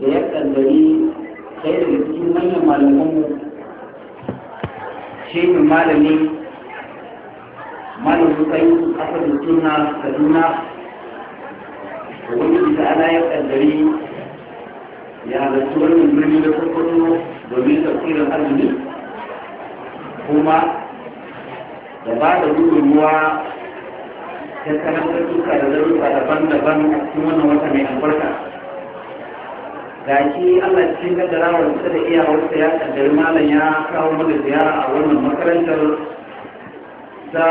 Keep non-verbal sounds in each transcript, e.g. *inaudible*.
da ya kandari sai da cikin manyan malamanmu shehu malami malamu kai aka da suna kaduna wani bisa ana ya kandari ya halarci wannan birni da kwakwato domin tafsirin arziki kuma da ba da gudunmuwa ta kanan da zarurka daban-daban a cikin wannan wata mai albarka ga shi Allah cikin kaddara wanda da wasu ya kaddari malam ya kawo mana ziyara a wannan makarantar ta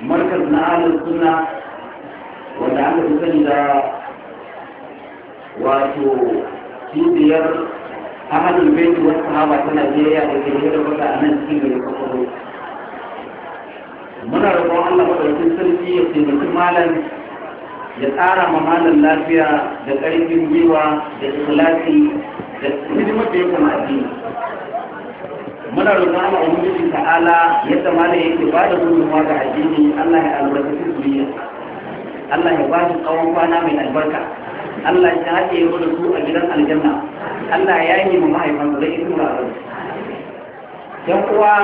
markaz na alin suna wanda aka fi sani da wato cibiyar ahadin baitu wasu sahaba ta Najeriya da ke da wata a nan cikin gari kwakwaro muna roƙon Allah maɗaukin sarki ya taimaki malam Da tsara ma lafiya da ƙarfin gwiwa da ikhlasi da hidimar da ya kuma addini muna roƙon Allah ubangiji ta'ala yadda malam yake ba da gudunmawa ga addini Allah ya su zuriya Allah ya ba su tsawon kwana mai albarka Allah ya haɗe ya da su a gidan aljanna Allah ya yi ma su zai tura rarar yan uwa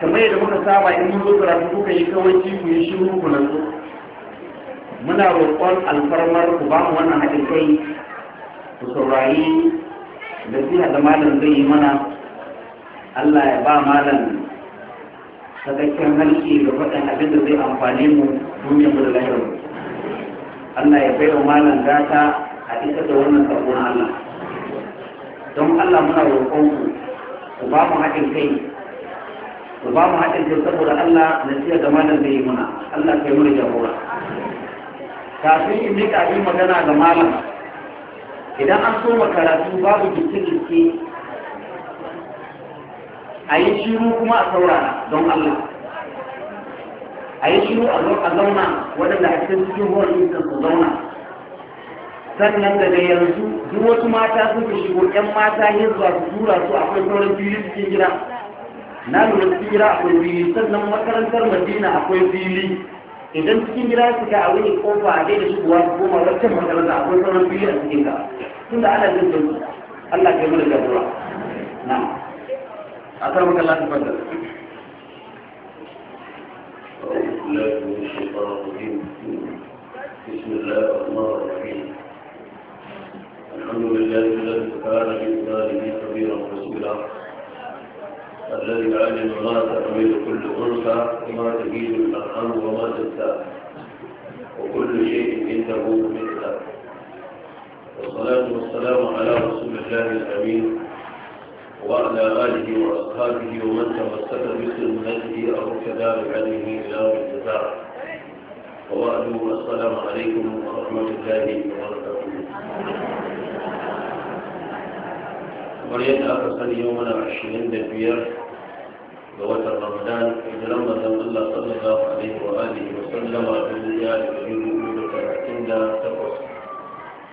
kamar yadda muka saba in mun zo karatu kuka yi kawai ku yi shiru ku nan muna roƙon alfarmar ku ba mu wannan haɗin kai ku saurayi da siya da malam zai yi mana allah ya ba malam sadakken halki da faɗin abin da zai amfani mu duniyar mu da lahirar allah ya bai wa malam gata a isa da wannan sabon allah don allah muna roƙon ku ku ba mu haɗin kai ku ba mu haɗin kai saboda allah na siya da malam zai yi mana allah kai mu da jagora kafin in rika yi magana ga malam idan an so karatu babu jikin jiki a yi shiru kuma a saurara don Allah a yi shiru a zauna waɗanda a cikin cikin ruwan isan su zauna sannan daga yanzu duk wasu mata fi shigo ƴan mata yin zuwa su tura su akwai sauran fili cikin gida na lura cikin gida akwai fili sannan makarantar madina akwai fili idan cikin gida ya fita a wani kofa a daidai shigowa ta koma wacce makaranta akwai sauran biyu a cikin ka tun da ana jin jin Allah ke mana jagora na a kan maka lafi fadda بسم الله الرحمن الرحيم الحمد لله الذي كان بإبراهيم كبيرا رسولا الذي يعلم ما تحمل كل انثى وما تجيد الارحام وما تنسى وكل شيء عنده مثله والصلاه والسلام على رسول الله الامين وعلى آله وأصحابه ومن تمسك بسنته أو كذلك عليه إلى الجزاء وبعد السلام عليكم ورحمة الله وبركاته kamar yadda aka sani yau mana ashirin da biyar ga watan ramadan hijiran mazan Allah sallallahu alaihi wa alihi wa sallama dubu ɗaya da ɗari hudu da talatin da takwas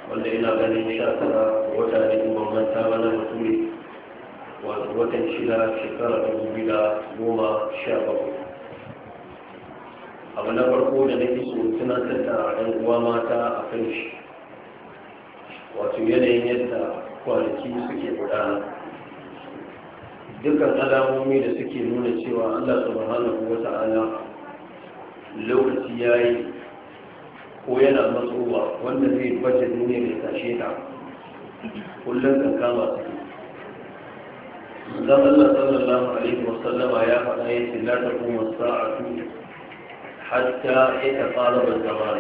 wanda ina ganin sha tara wata ne kuma manta mana mutumi wato watan shida shekara dubu biyu da goma sha bakwai abu na farko da nake so tunatar da ɗan uwa mata a kan shi wato yanayin yadda kwanaki suke gudana dukkan alamomi da suke nuna cewa allah subhanahu wa ta'ala lokaci ya yi ko yana matsowa wanda zai baje duniya mai tashe ta kullum kankama suke dan Allah sallallahu alaihi wasallama ya faɗa ya ce la taqumu as-sa'atu hatta ta tsara ban zaman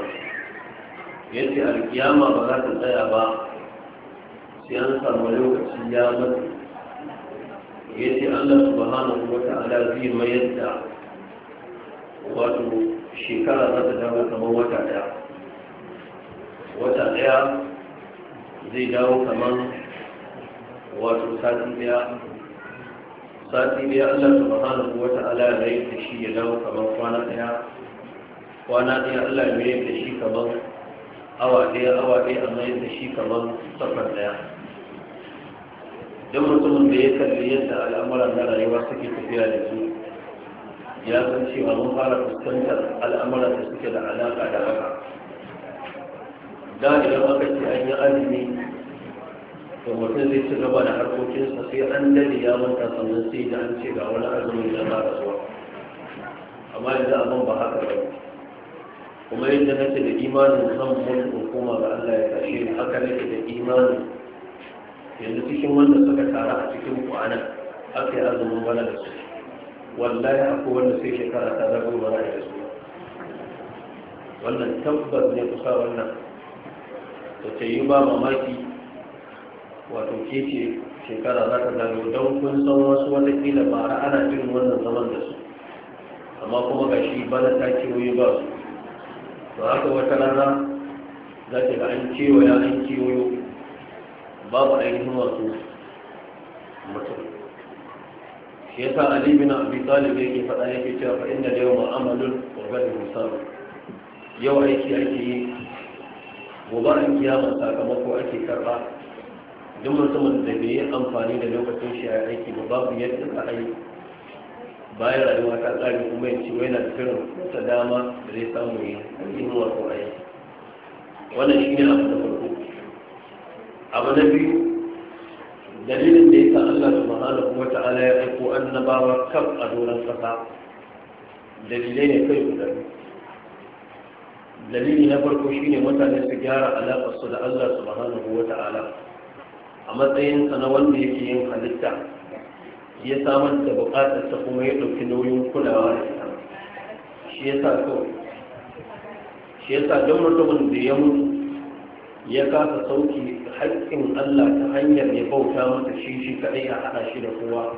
yace al-qiyama ba za ta tsaya ba Siyan an samu lokaci ya mutu ya ce allah subhanahu wa ta'ala zai mayar da wato shekara za ta dawo kamar wata daya wata daya zai dawo kamar wato sati daya sati dai Allah subhanahu wa ta'ala ya yi da shi ya dawo kamar kwana daya kwana daya Allah ya yi da shi kamar awa daya awa daya amma da shi kamar safar daya don mutumin da ya kalli yadda al'amuran na rayuwa suke tafiya da su ya san cewa mun fara fuskantar al'amuran da suke da alaƙa da haka da idan aka ce an yi azumi to mutum zai ci gaba da harkokinsa sai an dade ya manta sannan sai da an ce ga wani azumi da ba zuwa amma yanzu abin ba haka ba kuma yadda nake da imanin zan mutu hukuma ga Allah ya kashe haka nake da imanin yanzu cikin wanda suka tara a cikin kwanan aka yi azumin bana da su wallahi akwai wanda sai shekara ta zago wani da su wannan tabbas ne kusa wannan da ta yi ba mamaki wato ke ce shekara za ta zago don kun san wasu watakila a ana jin wannan zaman da su amma kuma ga shi bana ta wuyi ba su ba haka wata rana za ta ga an kewaya an kewayo babu ainihin wasu mutum shi yasa ali bin abi talib yake faɗa yake cewa fa inna yawma amalun wa ghadin hisab yau aiki ake yi gobe an kiyama sakamako ake karba duk mutumin da bai yi amfani da lokacin shi a aiki ba babu yadda ka yi. bayan rayuwa ta tsari kuma yanci wai na firin ta dama da zai samu yi ainihin wasu aiki wannan shi ne abu da abu na biyu dalilin da ya sa Allah subhanahu wa ta'ala ya aiko annabawa kaf a doron kasa dalilai ne kai guda dalili na farko shine mutane su gyara alaƙar su da Allah subhanahu wa ta'ala a matsayin sa na wanda yake yin halitta ya samar da buƙatar ta kuma ya ɗauki nauyin kulawa da ita shi sa kawai shi yasa don mutumin da ya mutu ya kasa sauki haƙƙin Allah ta hanyar ya bauta mata shi shi kaɗai a haɗa shi da kowa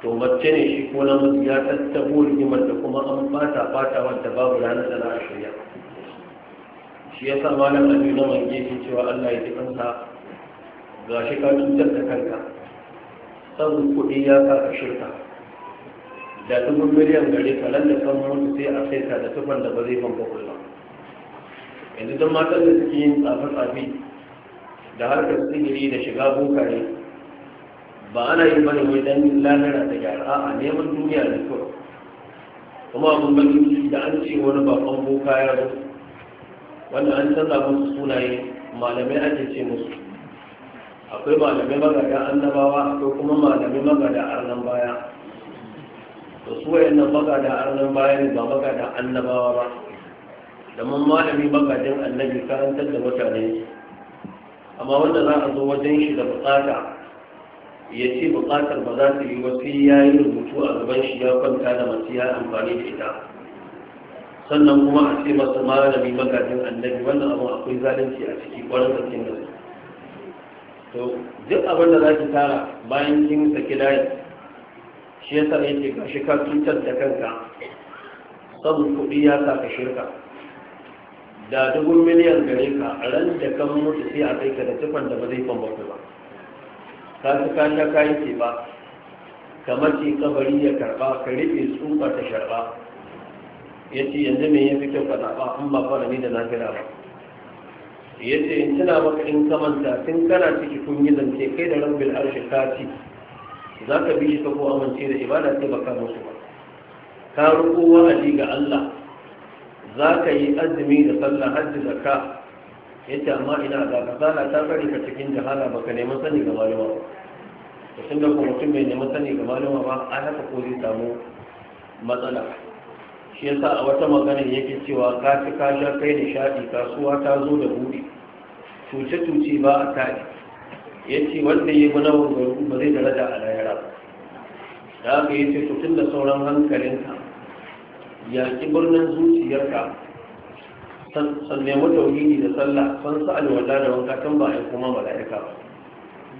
to mace ne shi ko namiji ya tattabo rigimar da kuma an fata bata wadda babu ranar da za a shirya shi ya sa malam abu na mange shi cewa Allah ya ji kansa ga shi ka cutar da kanka san kuɗi ya sa ka shirka da dubu miliyan gari ka da kan mutu sai a sai ka da tufan da ba zai ban ba kullum. yanzu don matan da suke yin tsafi tsafi da harkar sigiri da shiga bukare ba ana yi bane wai dan lalara da gyara a neman duniya da kyau kuma abin bakin da an ce wani bakon boka ya zo wanda an canza musu sunaye malamai ake ce musu akwai malamai magada annabawa akwai kuma malamai magada arnan baya da su wayannan magada arnan baya ne ba magada annabawa ba da mun malami bakatin annabi karantar da mutane amma wanda za a zo wajen shi da bukata ya ce bukatar ba za ta yi wasu ya yi rubutu a gaban shi ya kwanta da masu ya amfani da ita sannan kuma a ce masu malami magajin annabi wannan abu akwai zalunci a ciki kwarar da kin gaske to duk abin da za ki tara bayan kin saki layi shi ya yasa yake gashi ka cutar da kanka saboda kuɗi ya sa ka shirka da dubun miliyan gare ka a ran da kan mutu sai a kai ka da tufan da ba zai fan ba ba ka su ka sha kayi ce ba kamar ce kabari ya karba ka rufe tsufa ta sharba ya ce yanzu me ya fi kyau ka zaɓa an ba fara ni da na kira ba ya ce in tana maka in kamanta tun kana ciki kun yi zance kai da rambin arshe ka ci za ka bi shi ka ko amince da ibada ta baka musu ba ka roƙo wa'adi ga Allah za ka yi azumi da sallah hajji da Ya ce, amma ina ga sana ta bari ka cikin ba baka nemi sani ga malama ba tun da kuma mutum mai nemi sani ga malama ba an haka ko zai samu matsala shi yasa a wata magana yake cewa ka ci ka sha kai nishaɗi kasuwa ta zo da buɗe cuce-cuce ba a taɗi ya ce wanda ya guna ba zai daraja a layara da aka yi ce tutun da sauran hankalinka yaƙi birnin zuciyarka san nemi tauhidi da sallah san sa alwala da wanka tun ba a kuma mala'ika ba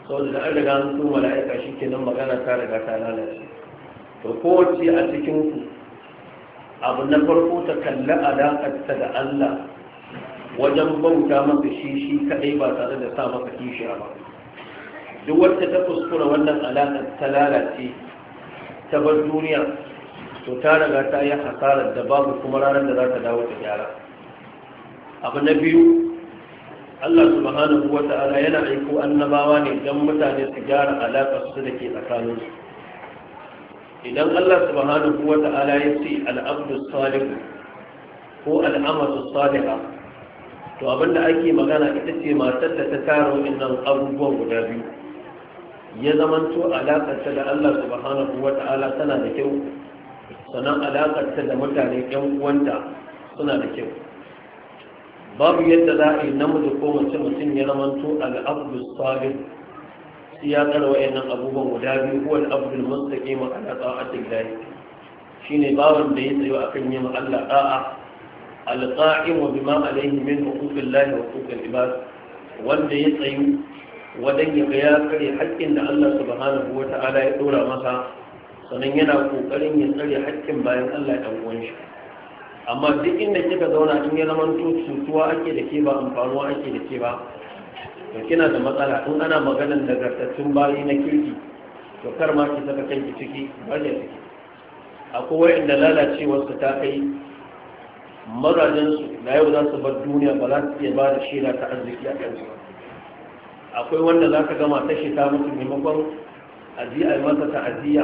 saboda da an riga an mala'ika shi nan magana ta riga ta lalace to kowace a cikin ku abu na farko ta kalli alaƙarta da Allah wajen bauta maka shi shi kaɗai ba tare da sa maka kishiya ba duk wacce ta kuskura wannan alaƙar ta lalace ta bar duniya to ta riga ta yi hasarar da babu kuma ranar da za ta dawo ta gyara abu na biyu Allah subhanahu wa ta'ala yana aiko annabawa ne don mutane su gyara alaƙar su da ke tsakanin su idan Allah subhanahu wa ta'ala ya ce al'abdu salihu ko al'amatu saliha to abinda ake magana ita ce matar da ta tara wa'annan abubuwan guda biyu ya zamanto alaƙarta da Allah subhanahu wa ta'ala tana da kyau sannan alaƙarta da mutane ‘yan uwanta suna da kyau babu yadda za a yi namiji ko mace mutum ya zamanto al'abdus sabir sai ya tsara wa'annan abubuwan guda biyu ko al'abdul mustaqim ala ta'atil Shi ne bawan da ya tsayo akan ma Allah da'a al wa bima alayhi min huquqil lahi wa huquqil ibad wanda ya tsayu wadan ya ga ya kare haƙƙin da Allah subhanahu ta'ala ya dora masa sannan yana kokarin ya tsare haƙƙin bayan Allah ɗan uwan shi amma duk inda kika zauna in ya zama to ake da ke ba amfanuwa ake da ke ba to kina da matsala in ana maganar nagartattun bayi na kirki to kar ma ki saka kanki ciki ba da ciki akwai wa'inda lalacewar su ta kai mazajen su da yau za su bar duniya ba za su iya ba da shaida ta arziki a kansu akwai wanda za ka gama ta shi ta mutu maimakon aziya masa ta'aziyya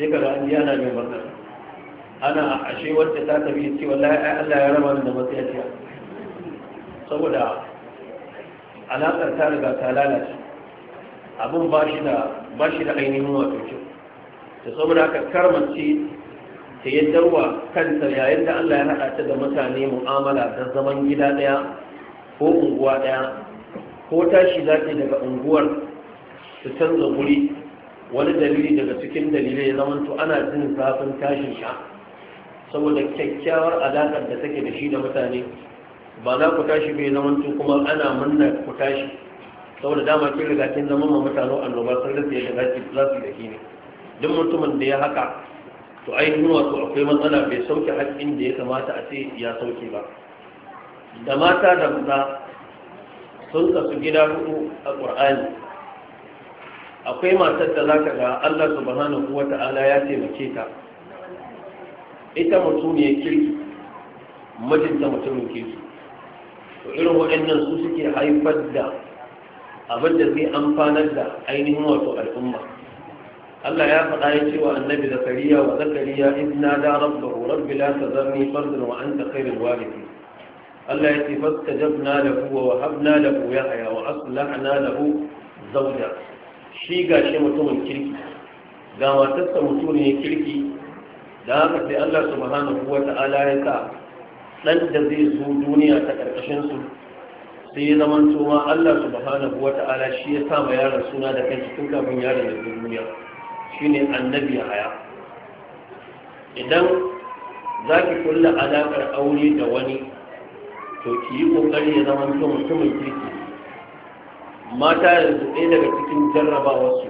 sai ka ga an ji mai barka ana ashe wacce ta tafi ce wallahi ai Allah ya raba ni da matsayaciya saboda alaƙar ta riga ta lalace abin ba shi da ba shi da ainihin wato ce da saboda haka karmace ta yi dawa kanta yayin da Allah ya haɗa ta da mutane mu'amala da zaman gida ɗaya ko unguwa ɗaya ko tashi za daga unguwar su canza guri wani dalili daga cikin dalilai ya zamanto ana jin zafin tashin sha saboda kyakkyawar alaƙar da take da shi da mutane ba na ku tashi bai zamanto kuma ana murna ku tashi saboda dama kin riga kin zama ma mutane annoba sun rasa yadda za su da ne duk mutumin da ya haka to ainihin wato akwai matsala bai sauke haƙƙin da ya kamata a ce ya sauke ba da mata da maza sun kasu gida hudu a ƙur'ani akwai matar da zaka ga Allah subhanahu wata'ala ya taimake ta ita mutumiyar kirki mijinta mutumin kirki to irin waɗannan su suke haifar da abin da zai amfanar da ainihin wato al'umma Allah ya faɗa ya ce wa annabi zakariya wa zakariya in nada rabbahu rabbi la tazarni fardan wa anta khairul warithin Allah ya ce fastajabna lahu wa wahabna lahu yahya wa aslahna lahu zawjahu shi ga shi mutumin kirki ga matarsa mutumin kirki da haka sai Allah subhanahu wa ta'ala ya sa dan da zai zo duniya ta karkashin su sai ya zama ma Allah subhanahu wa ta'ala shi ya sa ma yaron suna da kanshi tun kafin yaron da duniya shine annabi haya idan zaki kulla alakar aure da wani to ki yi kokari ya zama mutumin kirki mata yanzu ɗaya daga cikin jarrabawarsu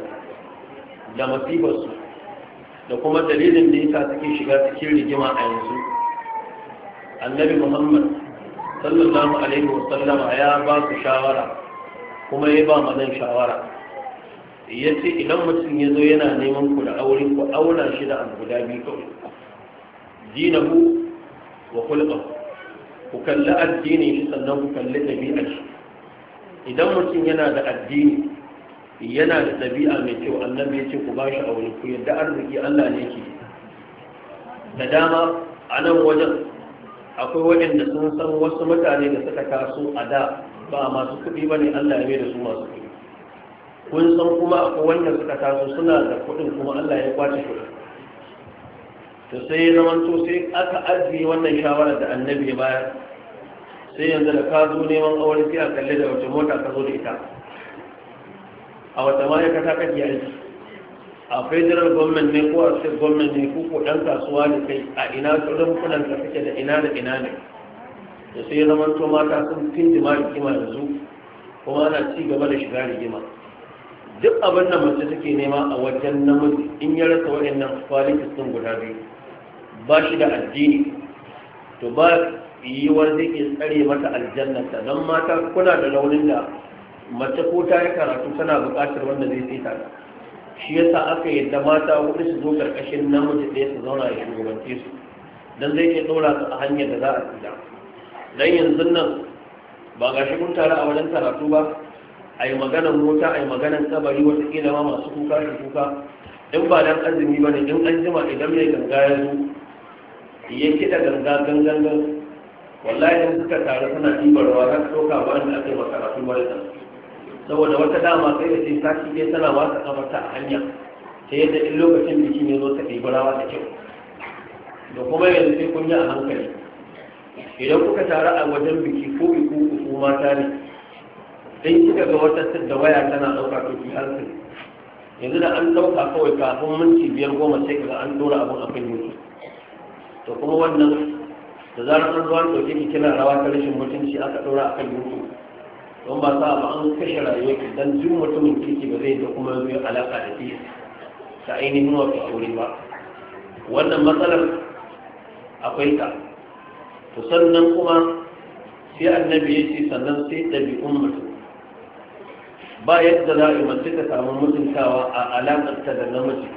da masifarsu da kuma dalilin da yasa suke shiga cikin rigima a yanzu annabi muhammad sallallahu alaihi wasallama ya ba su shawara kuma ya ba mazan shawara ya ce idan mutum ya zo yana neman ku da aure ku auna shi da abu guda biyu kawai dinahu wa kulqa ku kalli addini shi sannan ku kalli ɗabi'ar shi idan mutum yana da addini yana da ɗabi'a mai kyau annabi ya ce ku ba shi aure ku yadda arziki Allah ne ke da dama a nan wajen akwai waɗanda sun san wasu mutane da suka taso a da ba masu kuɗi ba ne Allah ya mai da su masu kuɗi kun san kuma akwai wanda suka taso suna da kuɗin kuma Allah ya kwace kuɗin to sai ya zama sai aka ajiye wannan shawarar da annabi ya bayar sai yanzu da ka zo neman aure sai a kalle da wace mota ka zo da ita a wata ta kake aiki a federal government ne ko a state government ne ko dan kasuwa ne kai a ina tsoron kudan ka kake da ina da ina ne da sai zaman to mata sun fin jima da yanzu kuma ana ci gaba da shiga rigima duk abin da mace take nema a wajen namiji in ya rasa waɗannan qualities sun guda biyu ba shi da addini to ba yiwuwar zai ke tsare mata aljannata don mata kuna da launin da mace ko ta yi karatu tana bukatar wanda zai sai ta shi yasa aka yadda mata hudu su zo karkashin namiji ɗaya su zauna ya shugabance su don zai ke ɗora su a hanyar da za a tsira don yanzu nan ba ga shi kun tare a wajen karatu ba a yi maganar mota a yi maganar kabari wataƙila ma masu kuka shi kuka in ba dan azumi ba ne in an jima idan mai ganga ya zo ya kiɗa ganga gangan wallahi da suka taru suna ɗibar ruwa za su ɗauka ba da ake yi makaratu mara da saboda wata dama sai da ce sashi ɗaya tana ba ta kamarta a hanya ta yadda in lokacin biki ne zo ta ɗibi rawa da kyau da kuma yanzu sai kun yi a hankali idan kuka taru a wajen biki ko ku uku mata ne Sai kika ga wata da waya tana ɗauka to ki hankali yanzu da an ɗauka kawai kafin minti biyar goma sai kaga an ɗora abin a kan to kuma wannan da zarar an ruwan ɗauke ki kina rawa ta rashin mutunci aka ɗora a kan mutu don ba sa ba an kashe rayuwa ki don jin mutumin kiki ba zai da kuma zuwa alaƙa da ke ta ainihin wa aure ba wannan matsalar akwai ta to sannan kuma sai annabi ya ce sannan sai ɗabi'un mutum ba yadda za a yi mace ta samu mutuntawa a alaƙarta da namiji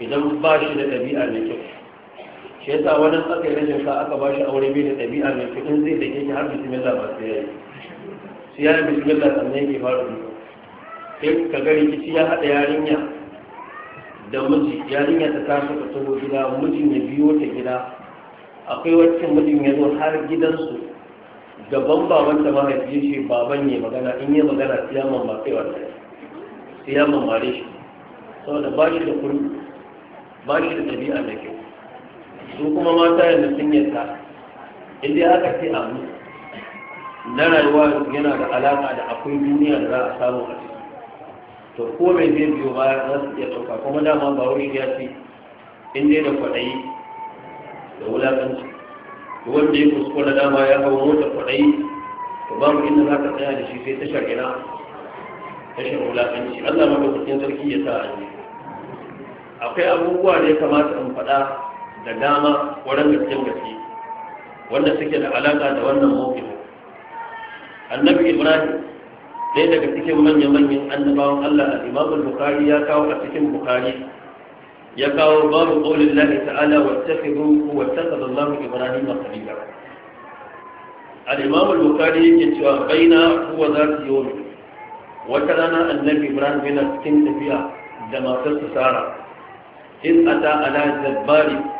idan ba shi da ɗabi'a mai kyau shi yasa wani aka yi rashin aka ba shi aure biyu da ɗabi'a mai kyau zai dake shi har bismillah ba sai ya yi su ya yi bismillah sannan yake fara su sai ka ga rikici ya haɗa yarinya da miji yarinya ta tashi ka taho gida mijin ya biyo ta gida akwai wacce mijin ya zo har gidansu gaban baban ta mahaifiyar shi baban ne magana in yi magana siyaman ma kai wannan siyaman mare shi saboda ba shi da kuri ba shi da ɗabi'a da kyau su kuma mata yanzu sun ta inda aka ce abu na rayuwa yana da alaƙa da akwai duniya da za a samu a ciki to ko mai zai biyo ba za su iya ɗauka kuma dama ba wuri ya ce in dai da kwaɗayi da wulaƙanci wanda ya kuskura dama ya hau mota kwaɗayi to ba mu inda za ka tsaya da shi sai shagina ta tashar wulaƙanci allah madaukakin sarki ya sa a akwai abubuwa da ya kamata in faɗa da dama wurin gaske gaske wanda suke da alaƙa da wannan mawkin annabi ibrahim ɗaya daga cikin manya-manyan annabawan allah al'imamul bukari ya kawo a cikin bukari ya kawo babu ƙaunin lahi ta'ala wata firu wata sallallahu ibrahim a kalibar al'imamul bukari yake cewa baina kuwa za su yi wata rana annabi ibrahim yana cikin tafiya da matar su sara in a ata ala jabbari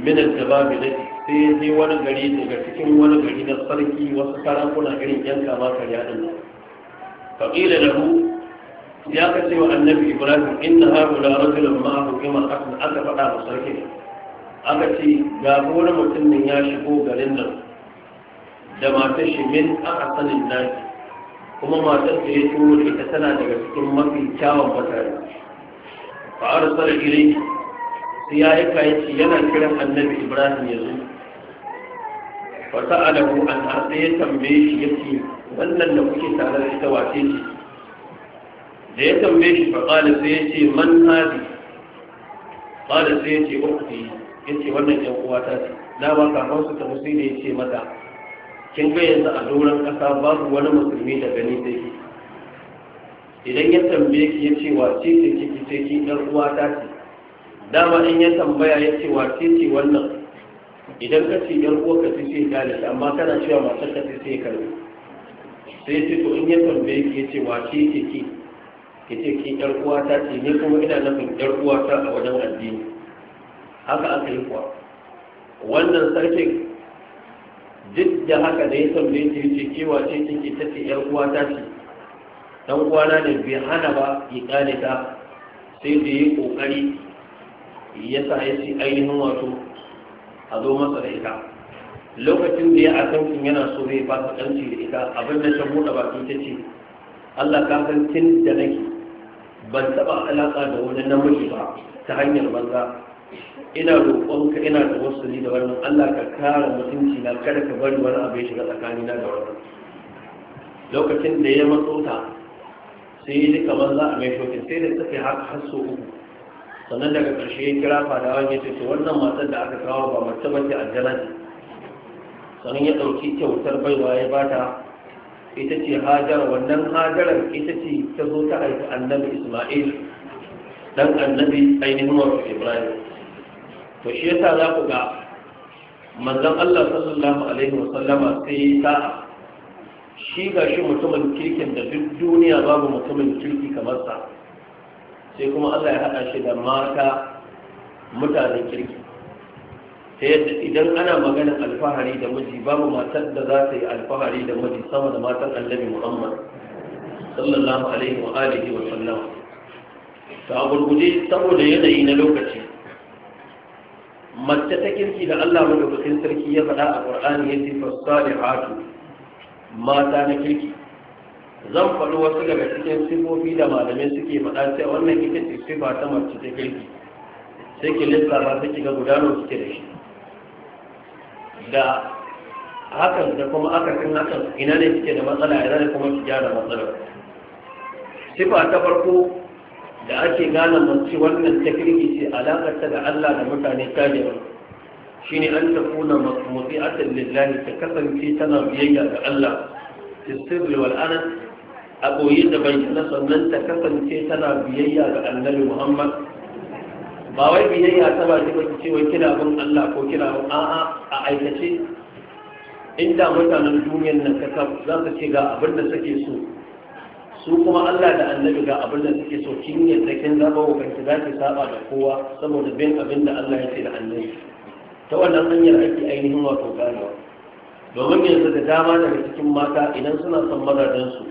min al-jabab lati sai sai wani gari daga cikin wani gari na sarki wasu sarakuna irin yan kama kariya din fa qila lahu ya kace wa annabi ibrahim inna haula rajulun ma'ahu kama aka aka fada wa sarki aka ce ga wani mutum ne ya shigo garin nan da matar shi min aka sanin naki kuma matar da ya turo ita tana daga cikin mafi kyawun mutane fa arsala ilayhi ya yi kayanci yana kiran annabi ibrahim ya zo wata alamu an harsa ya tambaye shi ya ce wannan da kuke tare da ita wace ce da ya tambaye shi faƙali sai ya ce man hadi ƙali sai ya ce ukti ya ce wannan yan uwata ce na ba kafin su tafi sai da ya ce mata kin ga yanzu a doron ƙasa babu wani musulmi da gani sai idan ya tambaye ki ya ce wace ce kike ce ki ɗan uwata ce dama in ya tambaya ya ce wa ce wannan idan ka ce yan uwa ka ce sai dalil amma kana cewa matar ka ce sai karbi sai ce to in ya tambaye ki ya ce wa ce ce ki ki ce ki yar uwa ta ce ne kuma ina nufin yar uwa ta a wajen addini haka aka yi kuwa wannan sarkin duk da haka da ya tambaye ki ce ki wa ce ce ki ta ce yar uwa ta ce dan uwana ne bai hana ba ya ta sai da yi kokari Ya sa ya ce ainihin wato a zo masa da ita lokacin da ya kankin yana so zai ba ta da ita abin da shan buɗe baki ta ce Allah ka san tun da nake ban taɓa alaƙa da wani namiji ba ta hanyar banza ina roƙonka ina da wasu da wannan Allah ka kara mutunci na kada ka bari wani abu ya shiga tsakani na da wannan lokacin da ya matsota, sai ya ji kamar za a mai shokin sai da ta kai har sau uku sannan daga ƙarshe ya kira fadawan ya ce to wannan matar da aka kawo ba mace ba ce aljanna ce sannan ya ɗauki kyautar baiwa ya ta ita ce hajar. wannan hajarar ita ce ta zo ta aiki annabi isma'il dan annabi ainihin wato ibrahim to shi yasa za ku ga manzon Allah sallallahu alaihi wa sallama sai ta shi ga shi mutumin kirkin da duk duniya babu mutumin kirki kamar sa sai kuma Allah ya haɗa shi da mata mutanen kirki ta yadda idan ana maganin alfahari da miji babu matar da za ta yi alfahari da miji sama da matan annabi muhammad sallallahu alaihi wa alihi wa sallam ta gurguje saboda yanayi na lokaci mace ta kirki da Allah madaukakin sarki ya faɗa a Qur'ani yace fasalihatu mata na kirki zan faɗi wasu daga cikin sifofi da malamai suke faɗa sai wannan ita ce sifa ta mace ta girki sai ki ba sai ki ga gudanar suke da shi da hakan da kuma akasin hakan ina ne suke da matsala ina ne kuma ki gyara matsalar sifa ta farko da ake gane mace wannan ta girki ce ta da Allah da mutane ta shine an takuna muti'atan lillahi ta kasance tana biyayya ga Allah في السر والألم a goye da bayyana sannan ta kasance tana biyayya ga annabi muhammad ba wai biyayya ta ba ta ce wai kina bin allah ko kina bin a'a a aikace inda mutanen duniyar nan ka za su ce ga abin da suke so su kuma Allah da annabi ga abin da suke so kin yadda kin zaba wa kanki zaki saba da kowa saboda bin abin da Allah ya ce da annabi ta wannan hanyar ake ainihin wato ganewa domin yanzu da dama daga cikin mata idan suna son mazajensu.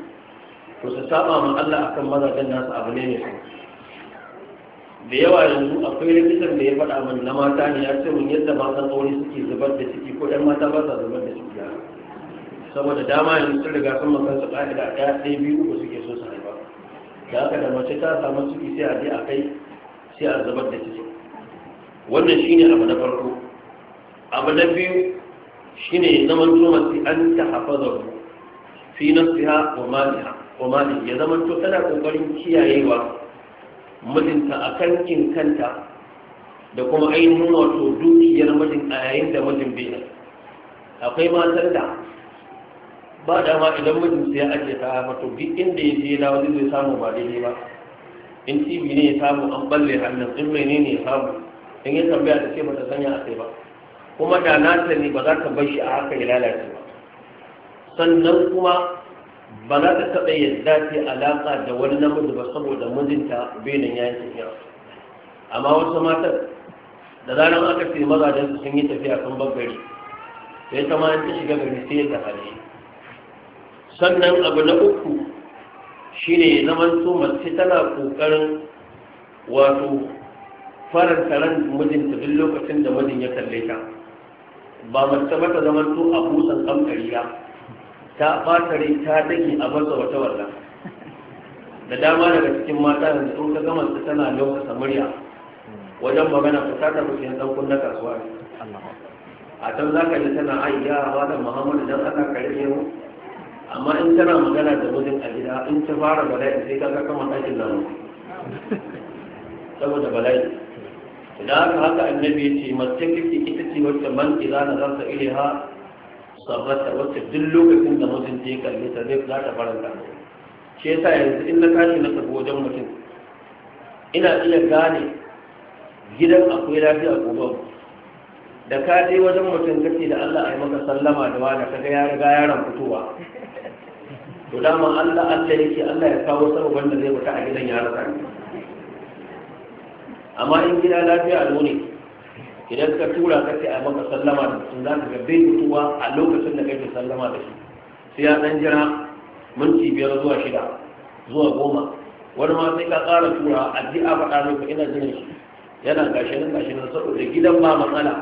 to su saba mun Allah akan mazajen nasu abu ne ne su da yawa yanzu akwai rikitan da ya faɗa min na mata ne ya ce min yadda matan aure suke zubar da ciki ko ɗan mata ba sa zubar da ciki saboda dama yanzu sun riga sun makan su ƙa'ida ɗaya ɗaya biyu uku suke so su haifa da haka da mace ta samu ciki sai a je a kai sai a zubar da ciki wannan shine abu na farko abu na biyu shine zaman tuma mace an ta hafa zaru fi nafsiha wa maliha wa ya zama to tana kokarin kiyayewa mijinta akan kin kanta da kuma ainihin wato dukiyar mijin a yayin da mijin bai akwai matar da ba da ma idan mijin sai ake ta mato bi inda ya je na wani zai samu ba daidai ba in tv ne ya samu an balle hannun in mai ne ya samu in ya tambaya ta ce ta sanya a kai ba kuma da na sani ba za ta bar shi a haka ya lalace ba sannan kuma ba na ta taɓa yin zafi alaƙa da wani namiji ba saboda mijinta benin ya yi tafiya amma wasu matar, da ranar aka ce mazajen su sun yi tafiya sun babbari sai ta tama ta shiga gari sai ya tafi sannan abu na uku shi ne zaman su mace tana kokarin wato faranta ran mijinta duk lokacin da mijin ya kalle ta ba mace ba ta zaman su a busan kamkariya ta ɓatare ta dake a masa wata walla da dama daga cikin mata da in ka gama su tana lokacin murya wajen magana ku ta tafi cikin ɗan kunna kasuwa a can za ka ji tana ayya wa da muhammadu don ana karfe mu amma in tana magana da mijin a gida in ta fara bala'i sai ka ga kama ɗakin lamu saboda bala'i idan haka haka annabi ya ce mace kake ita ce wacce man na nazarta ilaiha sarrata wacce duk lokacin da mutum ya kalle ta zai za ta faranta shi yasa yanzu in na tashi na tafi wajen mutum ina iya gane gidan akwai lafiya ko ba da ka je wajen mutum kace da Allah ai maka sallama da wani kaga ya riga yaron fitowa to dama Allah Allah yake Allah ya kawo sabon da zai fita a gidan yaron amma in gida lafiya a ne idan ka tura ka ce a maka sallama da mutum za ka ga bai mutuwa a lokacin da kake sallama da shi sai ya dan jira minti biyar zuwa shida zuwa goma wani ma sai ka tsara tura a ji a faɗa maka ina jin shi yana gashi nan gashi nan saboda gidan ba matsala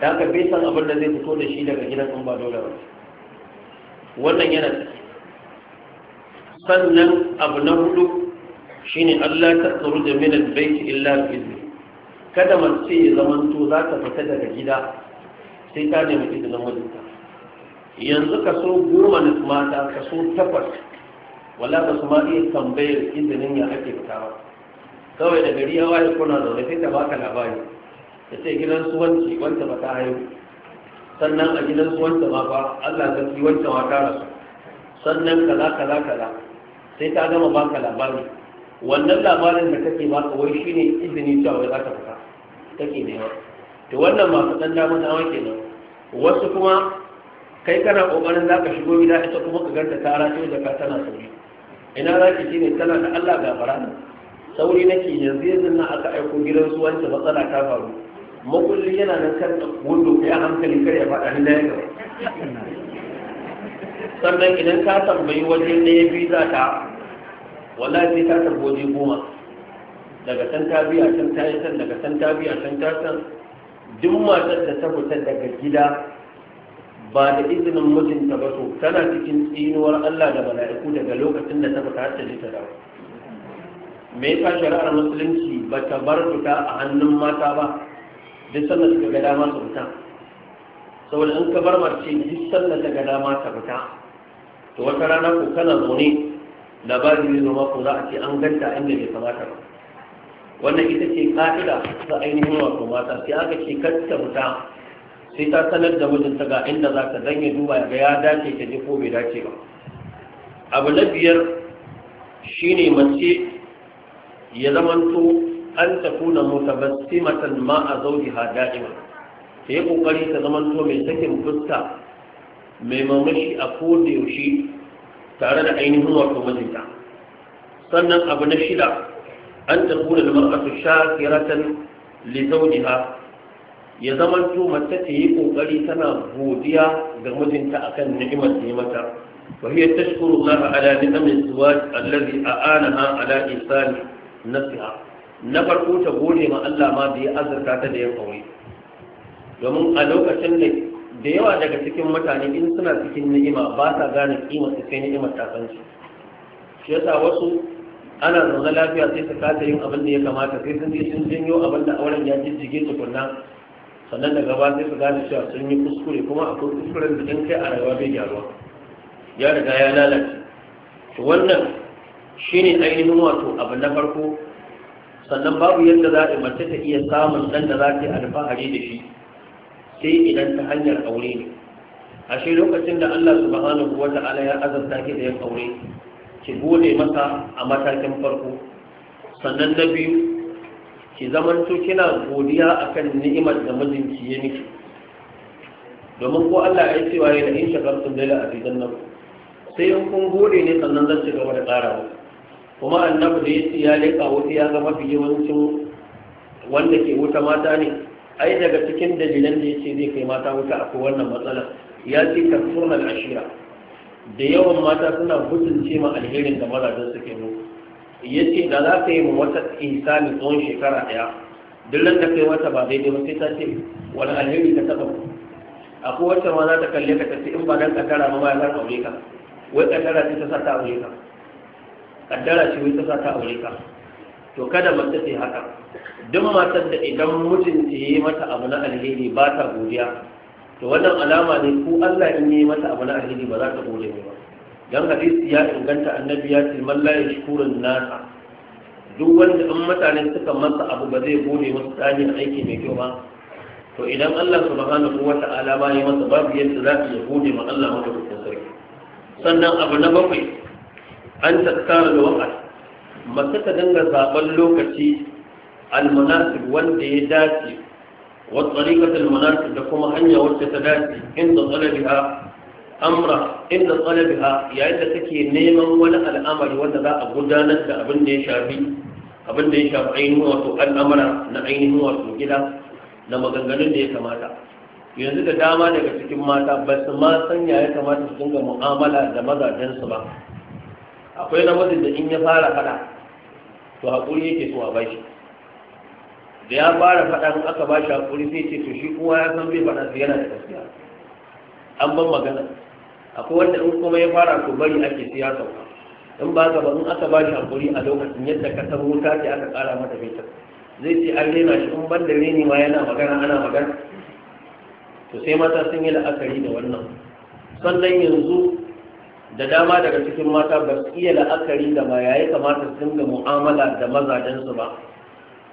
da ka bai san abin da zai fito da shi daga gidan in ba dole ba wannan yana sannan abu na hudu shine Allah ta tsaro da minan baiti illa bi kada mace ya to za ta fita daga gida sai ta nemi izinin mijinta yanzu kaso goma na mata kaso takwas wala ba su ma iya tambayar izinin ya ake fita ba kawai da gari ya waye kuna zaune sai ta baka labari ta ce gidan su wanci wanda ba ta haihu sannan a gidan su wanda ma ba Allah ta fi wanda ma ta rasu sannan kaza kaza kaza sai ta gama baka labari wannan labarin da kake baka wai shine izini cewa wai za ka fita take ne to wannan masu dan damar nawa kenan wasu kuma kai kana kokarin zaka shigo gida ita kuma ka ganta ta rato da ka tana sauri ina za ki shine tana da Allah gafara sauri nake yanzu yanzu na aka aiko gidan su wanda matsala ta faru makulli yana nan kan wando ya hankali kar ya faɗa ni da sannan idan ka tambayi waje ne biza ta wallahi sai ta goma daga san ta biya san ta yi san daga san ta biya san ta san duk matar da ta fita daga gida ba da izinin mijinta ba to tana cikin tsinuwar Allah da mala'iku daga lokacin da ta fita har ta je ta dawo me yasa shari'ar musulunci ba ta bar fita a hannun mata ba duk sanda suka ga dama su fita saboda in ka bar mace duk sanda ta ga dama ta fita to wata rana ko kana zaune labarin ne zama ko za a ce an ganta inda bai kamata ba wannan ita ce ka'ida ta ainihin wato mata sai aka ce kacce wuta sai ta sanar da mijinta ga inda za ta danye duba ga ya dace ta ji ko bai dace ba abu na biyar shine mace ya zamanto an takuna matan ma a zawjiha da'ima ta yi kokari ta zamanto mai sakin fuska mai mamashi a koda yaushe tare da ainihin wato mijinta sannan abu na shida an takuna da maratu shakiratan li zawjiha ya zaman to mace ta yi kokari tana godiya ga mijinta akan ni'imar da ya mata wa hiya tashkuru Allah ala ni'amil zawaj allazi a'anaha ala ihsan nafsiha na farko ta gode ma Allah ma da ya azurta ta da ya aure domin a lokacin da da yawa daga cikin mutane in suna cikin ni'ima ba sa gane kimar sai ni'imar ta san shi shi yasa wasu ana zaune lafiya sai ta kata yin abin da ya kamata sai sun je sun janyo abin da auren ya jijjige tukunna sannan daga ba sai su gane cewa sun yi kuskure kuma akwai kuskuren da in kai a rayuwa bai gyaruwa ya riga ya lalace to wannan shine ainihin wato abu na farko sannan babu yadda za a mace ta iya samun dan da za ta yi alfahari da shi sai idan ta hanyar aure ne ashe lokacin da Allah subhanahu ta'ala ya azabta ki da yin aure ki gode masa a matakin farko sannan na biyu ki zamanto kina godiya akan ni'imar da mijinki ya miki domin ko Allah ya ce wa yana in shakartum dala azidan nan sai in kun gode ne sannan zan ci gaba da ƙara kuma annabi da yace ya leka wuta ya ga mafi yawancin wanda ke wuta mata ne ai daga cikin dalilan da yace zai kai mata wuta akwai wannan matsala ya ce kafurna al-ashira da yawan mata suna mutunce ma alherin da mazajen suke mu ce da za ka yi mu wata insani tsawon shekara daya duk da kai wata ba daidai ba sai ta ce wani alheri ka taba akwai wata ma za ta kalle ka tafi in ba dan kaddara ma ba za aure ka wai kaddara ce ta sa ta aure ka kaddara ce wai ta sa ta aure ka to kada mace ta haka duk matar da idan mutunci yi mata abu na alheri ba ta godiya to wannan alama ne ko Allah in yi masa abu na alheri ba za ka gode mai ba dan hadisi ya inganta annabi ya ce man la yashkurun nasa duk wanda in mutane suka masa abu ba zai gode masa tsarin aiki mai kyau ba to idan Allah subhanahu wa ta'ala ba ya masa babu yadda za ka gode ma Allah madaukakin sarki sannan abu na bakwai an tattara da wakat masu ta dinga zaben lokaci almunasib wanda ya dace والطريقة المناسبة لكم هنيا والتتداتي عند طلبها أمر عند طلبها يعد تكي نيما ولا الأمر ولا ذا أبدانت أبن شافي أبن شاف عينه وتو الأمر نعينه وتو كلا لما غنغنن دي كماتا yanzu da dama daga cikin mata ba su ma san ya kamata su dinga mu'amala da mazajensu ba akwai namijin da in ya fara hada to haƙuri yake so a bashi da ya fara faɗa in aka ba shi hakuri sai ce to shi kowa ya san zai faɗa su yana da gaskiya an ban magana akwai wanda in kuma ya fara to bari ake sauka. in ba ka ba in aka ba shi hakuri a lokacin yadda ka san wuta ce aka ƙara mata fitar zai ce an rena shi in ban da reni ma yana magana ana magana to sai mata sun yi la'akari da wannan sannan yanzu da dama daga cikin mata ba su iya la'akari da ba yayi kamata su dinga mu'amala da mazajensu ba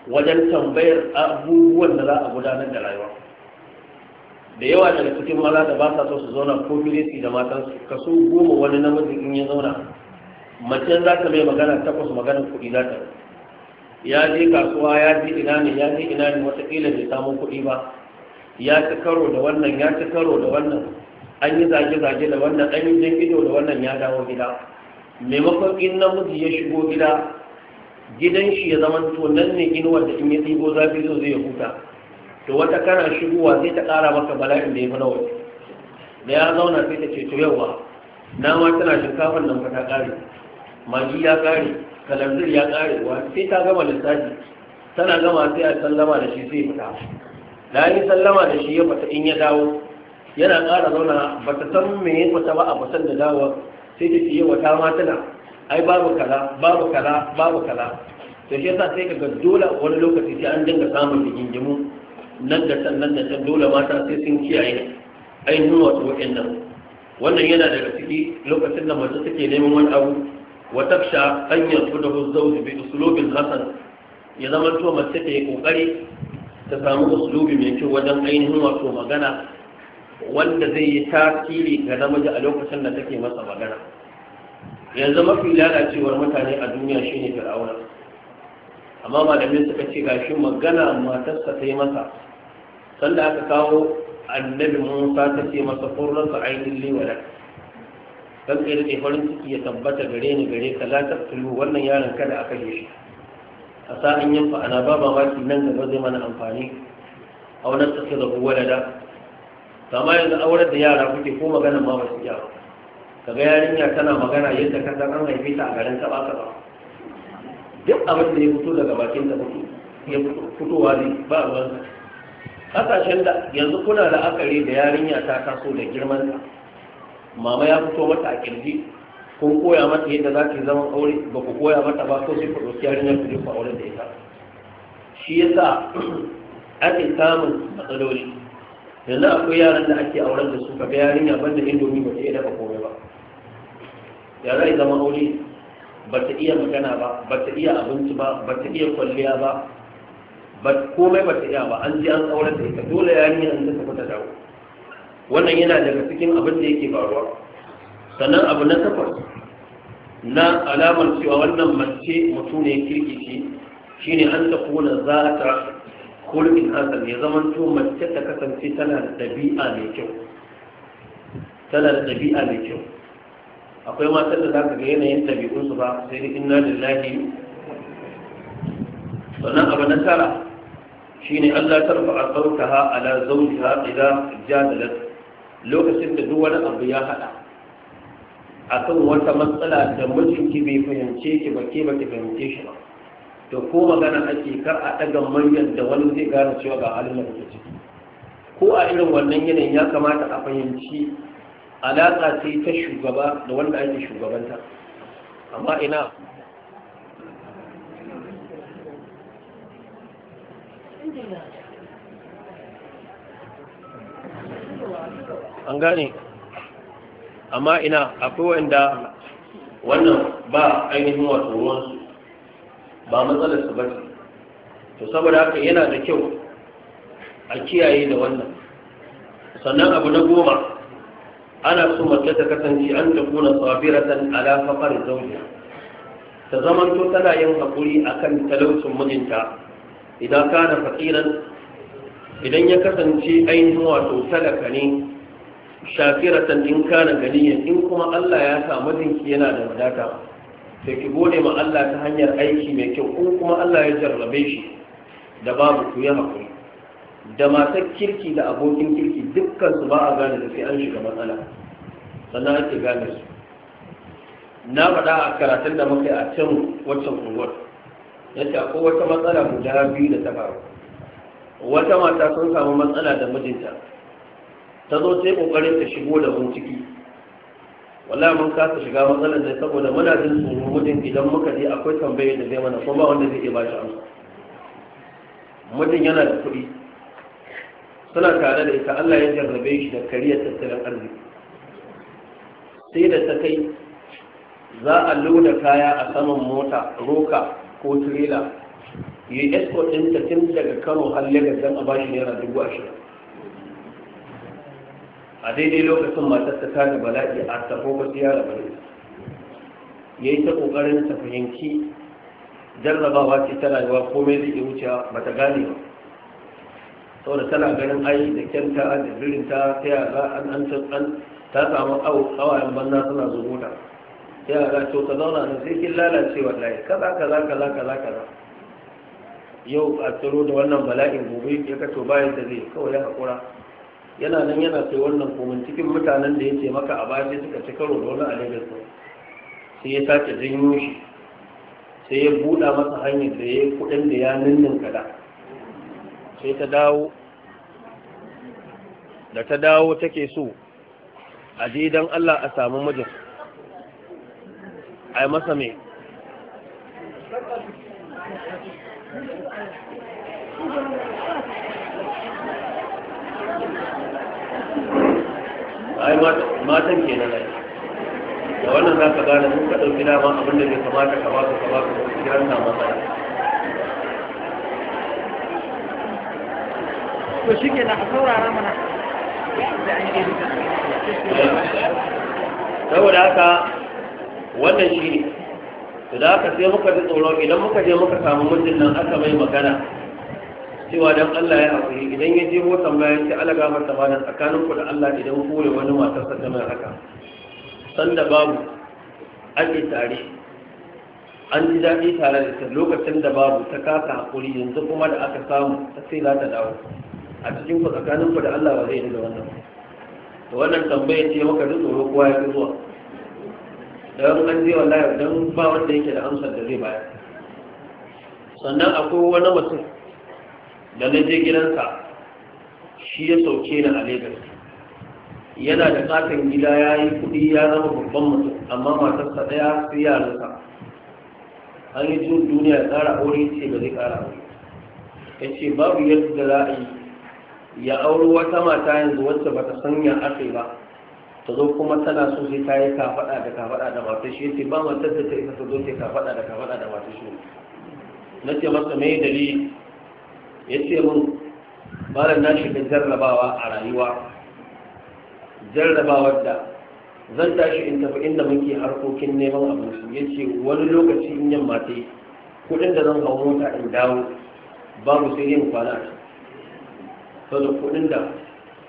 wajen tambayar abubuwan da za a gudanar da rayuwa da yawa daga cikin maza da ba sa so su zauna ko filisi da matan su kaso goma wani namiji in ya zauna mace za ta mai magana takwas magana kuɗi za ta ya je kasuwa ya je ina ne ya je ina ne watakila bai samu kuɗi ba ya ci karo da wannan ya ci karo da wannan an yi zage-zage da wannan an yi jan ido da wannan ya dawo gida maimakon in namiji ya shigo gida gidan shi ya zama to nan ne inuwar da in ya tsibo zafi zo zai huta to wata kana shigowa sai ta ƙara maka bala'in da ya fi na da ya zauna sai ta ce to yawa nama tana shinkafar nan fa ta kare magi ya kare kalanzir ya kare wa sai ta gama lissafi tana gama sai a sallama da shi sai fita da yi sallama da shi ya fita in ya dawo yana ƙara zauna ba ta san me ya fita ba a fasan da dawo sai ta ce yawa ta ma tana ai babu kala, babu kala, babu kaza to shi yasa sai kaga dole wani lokaci sai an dinga samun bigingimu nan da can nan da can dole mata sai sun kiyaye ainihin wato wa'annan wannan yana daga ciki lokacin da mace take neman wani abu wa tafsha an yanzu da bi usulubin hasan ya zama to mace ta yi kokari ta samu usulubi mai kyau wajen ainihin wato magana wanda zai yi tasiri ga namiji a lokacin da take masa magana yanzu mafi lalacewar mutane a duniya shine fir'auna amma malamin suka ce shi magana matarsa ta yi masa sanda aka kawo annabi musa ta ce masa furnansa ainihin liwala don kai da farin ciki ya tabbata gare ni gare ka latar tulu wannan yaron kada aka yi shi a sa'an yin fa'ana ba mamaki nan gaba zai mana amfani a wani tsakiyar da walada kama yanzu aurar da yara kuke ko magana ma ba su kaga yarinya tana magana yadda ka san an haife ta a garin saba ba duk abin da ya fito daga bakin da fito ya fitowa ne ba ruwan ka. kasashen da yanzu kuna da akari da yarinya ta taso da girman ta mama ya fito mata a kirji kun koya mata yadda za ta zama aure ba ku koya mata ba ko sai ku ɗauki yarinya ku je ku aure da ita shi yasa *clears throat* ake samun matsaloli yanzu akwai yaran da ake auren da su ka ga yarinya banda indomi ba ta iya dafa komai ba ya zai zama aure ba ta iya magana ba ba ta iya abinci ba ba ta iya kwalliya ba ba komai ba ta iya ba an ji an aure ta ita dole yarinya an ta tafi dawo wannan yana daga cikin abin da yake faruwa sannan abu na takwas na alamar cewa wannan mace mutum ne kirkici shine an ta kona za ta kulkin hasan ya zamanto mace ta kasance tana da ɗabi'a mai kyau tana da ɗabi'a mai kyau akwai matan da za ka ga yanayin ɗabi'unsu ba sai da inna lillahi sannan abu na tara shine Allah rufa a sautaha ala zawjiha idan jadalat lokacin da duk wani abu ya hada kan wata matsala da mijinki bai fahimce ki ba ke ba ki fahimce shi ba to ko magana ake kar a daga manyan da wani zai gane cewa ga halin da kake ciki ko a irin wannan yanayin ya kamata a fahimci alaƙa ce ta shugaba da wanda ake shugabanta amma ina an gane amma ina akwai wanda wannan ba ainihin wato ruwansu ba matsalarsu ba to saboda haka yana da kyau a kiyaye da wannan sannan abu na goma ana so mace ta kasance an ta kuna sabiratan ala faqar zawjiha ta zamanto tana yin hakuri akan talaucin mijinta idan ka na faqiran idan ya kasance ainihin wato talaka ne shafiratan in ka na ganiya in kuma Allah ya sa mijinki yana da wadata sai ki gode ma Allah ta hanyar aiki mai kyau in kuma Allah ya jarrabe shi da babu ku yi hakuri da matar kirki da abokin kirki dukkan su ba a gane da sai an shiga matsala sannan ake gane su na faɗa a karatun da muka a can waccan unguwar ya akwai wata matsala guda biyu da ta faru wata mata sun samu matsala da mijinta ta zo sai kokarin ta shigo da mun ciki wallahi mun kasa shiga matsalar da saboda muna jin tsoron mijin idan muka je akwai tambayar da zai mana kuma ba wanda zai iya ba shi amsa mijin yana da kuɗi suna tare da ita Allah ya jarrabe shi da kariyar tattalin arziki sai da ta kai za a loda kaya a saman mota roka ko tirela ya yi escort ɗin ta tun daga kano har lagos don a ba shi naira dubu ashirin a daidai lokacin matar ta tada bala'i a tafi wasu yara bane ya yi ta ƙoƙarin ta fahimci jarrabawa ce ta rayuwa komai zai iya wuce ba ta gane ba saboda tana ganin ai da kyanta da birinta ta yara an an an ta samu hawayen banza suna zubo ta yara to ta zauna da sai kin lalace wallahi kaza kaza kaza kaza kaza yau a tsaro da wannan bala'in gobe ya kato bayan da zai kawai ya hakura yana nan yana sai wannan komin cikin mutanen da ya ce maka a baya suka ci karo da wani alaƙar sai ya sace janyo sai ya buɗa masa hanyar da ya yi kuɗin da ya ninninka da sai ta dawo da ta dawo take so a ji don Allah a samu mijin a yi masa mai ai matan ke na da wannan za ka gane sun ka ɗauki dama abinda bai kamata ka ba su ka ba ka giran to saboda haka wannan shi ne da haka sai muka ji tsoro idan muka je muka samu mutum nan aka mai magana cewa dan Allah ya haƙuri idan ya je hoton bayan ce Allah gafar tsamanin bada tsakanin ku da Allah idan kore wani matarsa ta mai haka sanda babu ake tare an ji daɗi tare da lokacin da babu ta kasa haƙuri yanzu kuma da aka samu ta sai za ta dawo a cikin ku tsakanin ku da Allah ba zai ji da wannan to wannan tambaya ce maka da tsoro kowa ya fi zuwa dan an je wallahi dan ba wanda yake da amsar da zai bayar sannan akwai wani mutum da na je gidansa shi ya sauke ni a Lagos yana da katon gida ya yi kuɗi ya zama babban mutum amma matarsa ɗaya sai yaransa an yi jin duniya tsara aure ce ba zai ƙara aure ya ce babu yadda za a yi ya auri wata mata yanzu wacce bata sanya akai ba ta zo kuma tana so sai ta yi kafaɗa da kafaɗa da mata shi yace ba matar da ta isa ta zo ta kafaɗa da kafaɗa da mata shi na ce masa me dalili ya ce min malam na shiga jarrabawa a rayuwa jarrabawar da zan tashi in tafi inda muke harkokin neman abinci ya ce wani lokaci in yamma ta yi kuɗin da zan hau mota in dawo babu sai yin kwana a saboda kudin da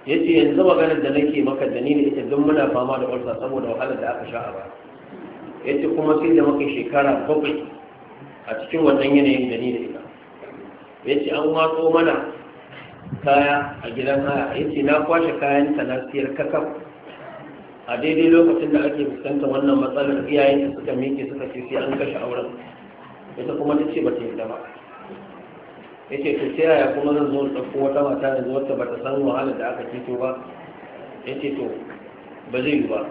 ya ce yanzu maganar da nake maka da ni ne ita don muna fama da ƙwarsa saboda wahalar da aka sha a baya ya ce kuma sai da maka shekara bakwai a cikin wannan yanayin da ni da ita ya ce an watso mana kaya a gidan haya ya ce na kwashe kayan ta na siyar kakaf a daidai lokacin da ake fuskantar wannan matsalar iyayen suka miƙe suka ce sai an kashe auren ita kuma ta ce ba ta ba ya ce to yaya kuma zan zo ɗauko wata mata da wata ba ta san wahala da aka fito ba ya to ba zai yi ba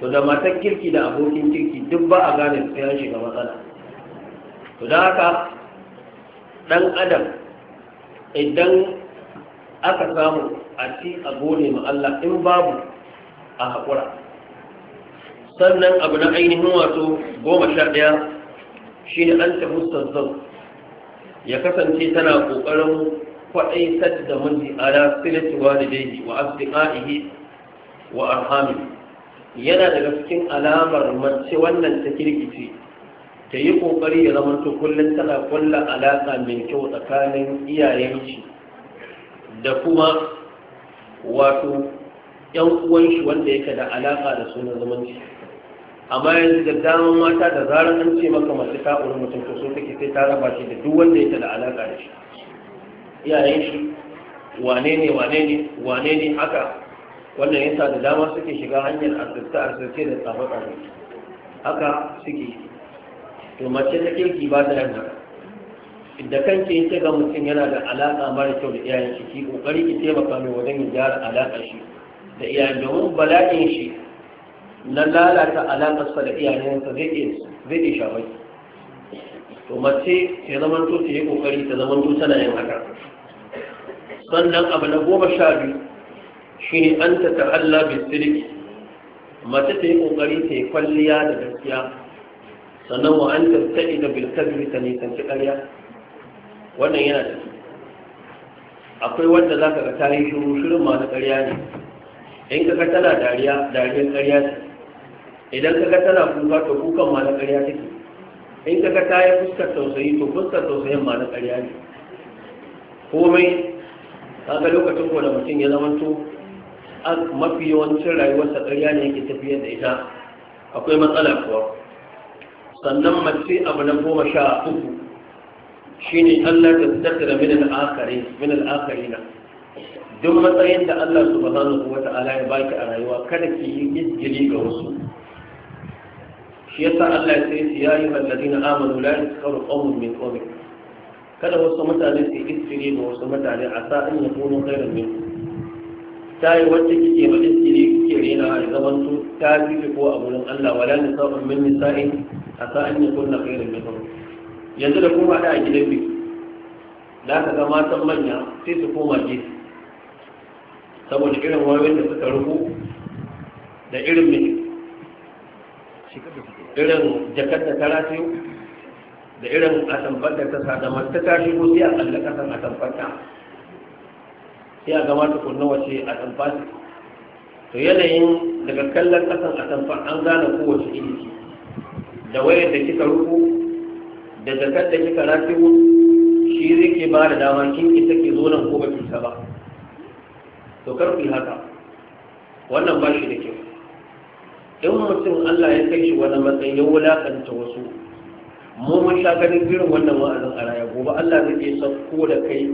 to da matan kirki da abokin kirki duk ba a gane su an shiga matsala to da haka ɗan adam idan aka samu a ci a gode ma Allah in babu a haƙura sannan abu na ainihin wato goma sha ɗaya shi ne an tafi sassan. ya kasance tana ƙoƙarin kwaɗaitar da miji ala silati walidayhi wa asdiqaihi wa arhami yana daga cikin alamar mace wannan ta kirkice ta yi ƙoƙari ya zama to kullum tana kulla alaƙa mai kyau tsakanin iyayen shi da kuma wato 'yan uwan shi wanda yake da alaƙa da sunan zumunci amma yanzu da daman mata da zarar an ce maka mace ta ƙuri mutum to so take sai ta raba shi da duk wanda yake da alaƙa da shi iyayen shi wane ne wane ne wane ne haka wannan yasa da dama suke shiga hanyar asirce asirce da tsafe tsafe haka suke to mace ta kirki ba ta yin da kanki yake ga mutum yana da alaƙa mara kyau da iyayen shi ki kokari ki taimaka mai wajen yin gyara alaƙa shi da iyayen domin bala'in shi na lalata alaƙarsa da iyayensa zai iya shafai to mace ta zama to yi ƙoƙari ta zama to tana yin haka sannan abu na goma sha biyu shi ne an ta ta ta'alla bisirki mace ta yi ƙoƙari ta yi kwalliya da gaskiya sannan wa an tattaɗi da bilkabiri ta nisanci ƙarya wannan yana da akwai wanda za ka ga tarihi shiru shirin masu ƙarya ne in ka ga tana dariya dariyar ƙarya ce idan kaga tana kuka to kukan ma na ƙarya take in kaga ta yi fuskar tausayi to fuskar tausayin ma na ƙarya ne komai kaga lokacin ko da mutum ya zamanto mafi yawancin rayuwarsa ƙarya ne yake tafiyar da ita akwai matsala kuwa sannan mace abu na goma sha uku shine Allah ta tattara min al-akari min al-akarina duk matsayin da Allah subhanahu ta'ala ya baki a rayuwa kada ki yi gizgiri ga wasu shi yasa Allah ya sai ya yi na amanu la yaskaru qawmun min qawmin kada wasu mutane su yi iskiri ga wasu mutane a sa an yakunu khairan min ta yi wacce kike ma iskiri kike rena a zaman su ta fi ko a gurin Allah wala nisa'un min nisa'in a sa an yakunu mai min yanzu da kuma da a gidan biki da ka ga matan manya sai su koma gefe saboda irin wayoyin da suka rubu da irin mai irin jakar da ta ratayo da irin atamfar da ta sadama ta tashi ko sai a kalla kasan atamfar ta sai a gama ta kunna wace atamfa ta to yanayin daga kallon kasan atamfar an gane kowace iri da wayar da kika ruku da jakar da kika ratayo shi zai ba da dama kin ki take zo nan ko ba ki ba to karfi haka wannan ba shi da kyau in mutum Allah ya kai shi wani matsayi ya wulaƙanta wasu mu mun sha ganin irin wannan wa'azin a raya gobe Allah zai iya sauko da kai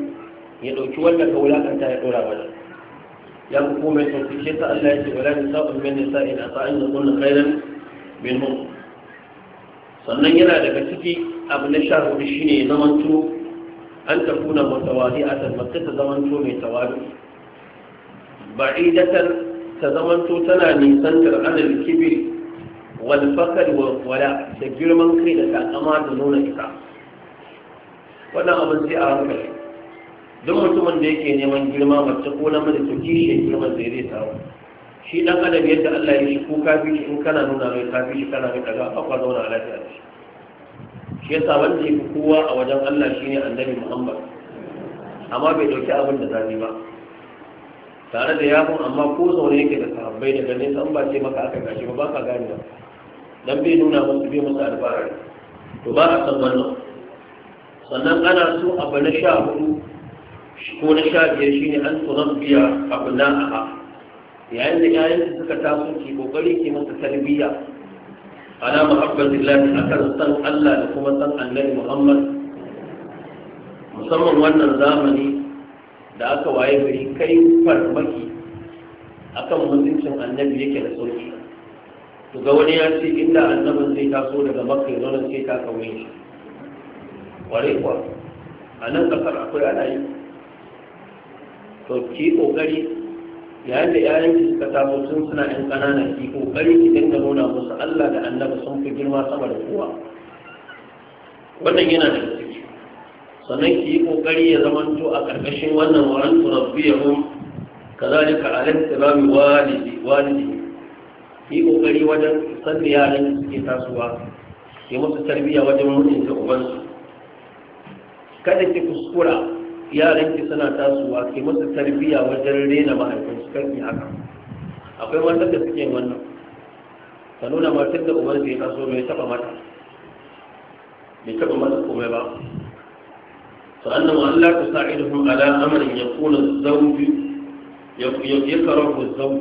ya ɗauki wanda ka wulaƙanta ya ɗora mana ya ku komai sauki shi ta Allah ya ce wala ni sa'un min nisa'in asa'in yakun khairan minhum sannan yana daga ciki abu na sha hudu shine zamanto an tafuna mutawadi a tabbata ta zamanto mai tawadu ba'idatan ta zamanto tana nisantar adal kibir wal fakar wal wala da girman kai da takama da nuna ita wannan abin sai a hankali duk mutumin da yake neman girma mace ko na mada to kishi girman zai zai samu shi dan adam yadda Allah ya shi ko kafi in kana nuna mai kafi shi kana mai daga akwa zauna a lafiya shi shi yasa wanda ya kowa a wajen Allah shine annabi Muhammad amma bai dauki abin da zai ba tare da yawon amma ko zaune yake da sahabbai daga nesa an ba ce maka aka gashi ba ba ka gane ba dan bai nuna musu bai musu alfahari to ba a san wannan sannan ana so abu na sha hudu ko na sha biyar shine an tsoron biya abu na aha yayin da yayin suka taso ke kokari ke masa tarbiyya ana a kan san Allah da kuma san annabi Muhammad musamman wannan zamani da aka waye gari kai farmaki akan mutuncin annabi yake da sauki to ga wani ya ce inda annabin zai taso daga makka ya zauna sai ta kawo shi ware kuwa a nan kasar akwai ana yi to ki kokari yayin da yayan ki suka taso sun suna yan kanana ki kokari ki dinga nuna musu Allah da annabi sun fi girma sama da kowa wannan yana da gaske sannan ki yi kokari ya to a karkashin wannan waran turabbiyahum kazalika alim tibami walidi walidi yi kokari wajen san yaran su suke tasowa ke musu tarbiyya wajen da ubansu kada ki kuskura yaran ki suna tasowa ke musu tarbiyya wajen rena mahaifinsu kan ki haka akwai wanda da suke wannan ka nuna matar da ubansu ya taso mai taba mata bai taɓa mata komai ba فأنه أن لا تساعدهم على أمر يكون الزوج يكره الزوج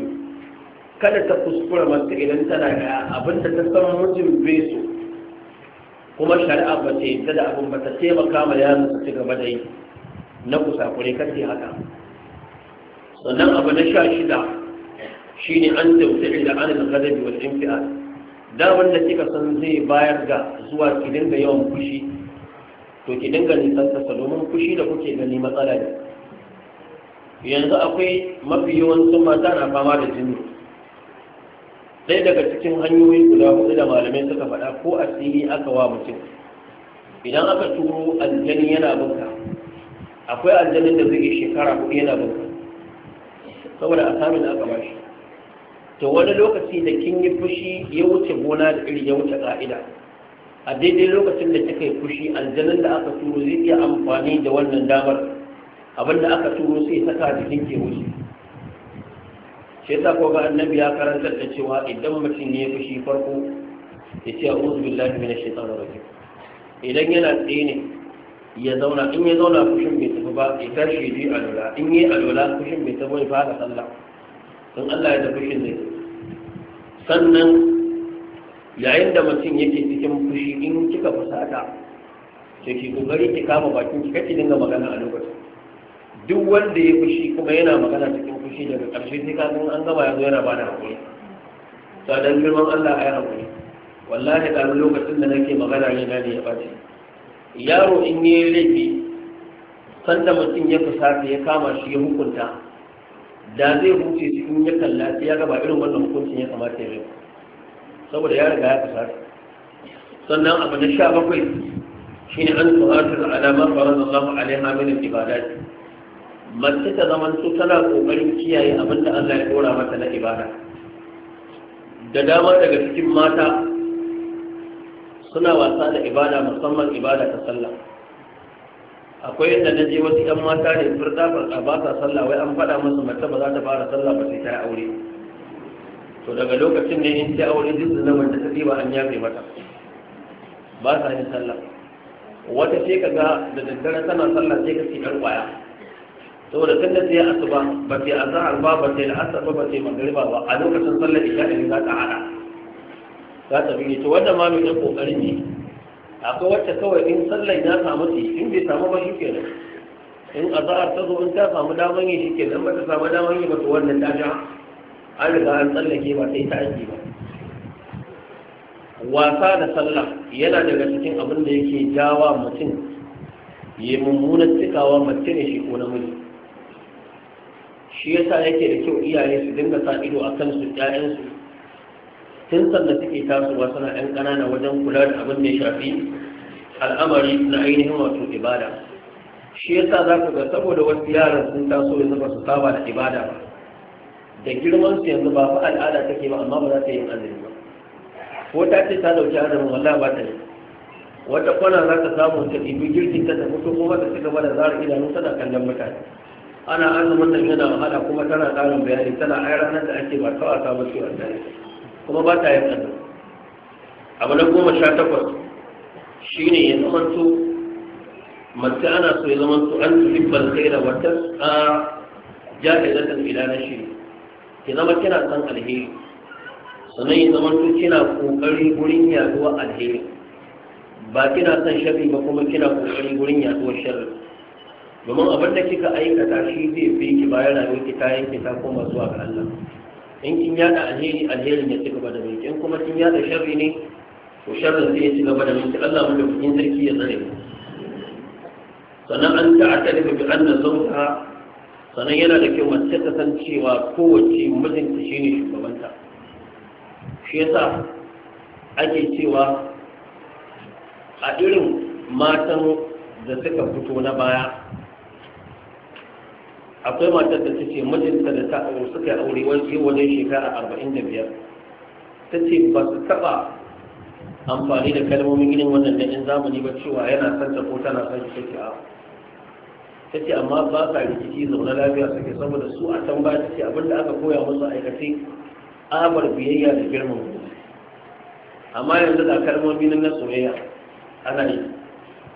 kada ta kuskura mata idan tana da abin da ta san mutum bai so kuma shari'a ba ta yi da abin ba ta taimaka ma yaron su gaba da yi na kusakure kace haka sannan abu na sha shida shine an tausayi da anil ghadabi wal infial da wanda kika san zai bayar ga zuwa ki dinga yawan fushi to ki dinga nisan kasa domin fushi da kuke gani matsala ne yanzu akwai mafi yawancin mata na fama da jini Sai daga cikin hanyoyin guda hudu da malamai suka faɗa ko asiri aka wa mutum idan aka turo aljani yana bunka akwai aljanin da zai shekara hudu yana bunka saboda a samun aka bashi to wani lokaci da kin yi fushi ya wuce gona da iri ya wuce ƙa'ida a daidai lokacin da kika yi fushi aljanin da aka turo zai iya amfani da wannan damar abin da aka turo sai saka jikin ke wuce shi yasa ko ga annabi ya karanta da cewa idan mutum ya fushi farko ya ce a'udhu billahi minash shaitani rajim idan yana tsaye ne ya zauna in ya zauna fushin bai tafi ba ya tashi ya je alola in yi alola fushin bai tafi ba ya fara sallah in Allah ya tafi fushin zai sannan yayin da mutum yake cikin fushi in kika fusata sai ki kokari ki kama bakin ki kace dinga magana a lokacin duk wanda ya fushi kuma yana magana cikin fushi daga ƙarshe sai kafin an gama yanzu yana bada hakuri to dan girman Allah ayi hakuri wallahi da lokacin da nake magana ne na ne ya bace yaro in yi laifi sanda mutum ya fusata ya kama shi ya hukunta da zai huce shi in ya kalla sai ya gaba irin wannan hukuncin ya kamata ya yi saboda ya riga ya kasar sannan abu na sha bakwai shi ne an tuhatar alama faran Allah alaiha min ibadat mace ta zaman su tana kokarin kiyaye abin da Allah ya dora mata na ibada da dama daga cikin mata suna wasa da ibada musamman ibada ta sallah akwai yadda na je wasu 'yan mata ne furta a ba sa sallah wai an faɗa musu mace ba za ta fara sallah ba sai ta yi aure to daga lokacin ne in ta aure duk zinaban da ta ba an yafe mata ba sa yin sallah wata ce ka ga da daddare tana sallah sai ka ci ɗan ƙwaya saboda da da sai asuba ba sai azhar ba ba sai al'asar ba ba sai magriba ba a lokacin sallar isha ne za ta hada za ta bige to wanda ma mai ɗan kokari ne akwai wacce kawai in sallar ya samu ci in bai samu ba shi kenan in azhar ta zo in ta samu daman yi shi kenan ba ta samu daman yi ba to wannan ta ja an riga an tsallake ba sai ta aiki ba wasa da sallah yana daga cikin abin da yake jawa mutum ya mummunan cikawa mace ne shi ko namiji shi yasa yake da kyau iyaye su dinga sa ido a kansu ƴaƴansu tun sanda suke tasowa suna ƴan ƙanana wajen kula da abin da ya shafi al'amari na ainihin wato ibada shi yasa za ku ga saboda wasu yaran sun taso yanzu ba su saba da ibada ba da girman su yanzu ba fa al'ada take ba amma ba za ta yi azumi ba ko ta ce ta dauki azumin wallahi ba ta yi wata kwana za ta samu ta ɗibi girkin ta tafi ko kuma ta cigaba da zara idanu tana kallon mutane ana azumin nan yana wahala kuma tana ƙarin bayani tana ai ranar da ake ba kawai ta mutu a tare kuma ba ta yin azumi abu na goma sha takwas shi ne ya su mace ana so ya su an tuhibbal khaira wata a jahilatan ila ne. ki zama kina san alheri sannan ya zama to kina kokari gurin yaduwa alheri ba kina san sharri ba kuma kina kokari gurin yaduwa sharri domin abin da kika aikata shi zai fi ki bayan rayuwar ki ta yanke ta koma zuwa ga Allah in kin yada alheri alherin ya ci gaba da mai in kuma kin yada sharri ne to sharrin zai ci gaba da miki Allah mu da sarki ya tsare sannan an ta'attara bi anna zawjaha sannan yana da kyau mace ta san cewa kowace mijinta ne shugabanta shi yasa ake cewa a irin matan da suka fito na baya akwai matar da ta ce mijinta da ta aure suka aure wani wajen shekara arba'in da biyar ta ce ba su taɓa amfani da kalmomin ginin wannan da in zamani ba cewa yana son ko tana son shi take a ta ce amma ba sa rikici zaune lafiya suke saboda su a can baya ta ce abinda aka koya musu aikace abar biyayya da girman amma yanzu da kalmomi na soyayya ana yi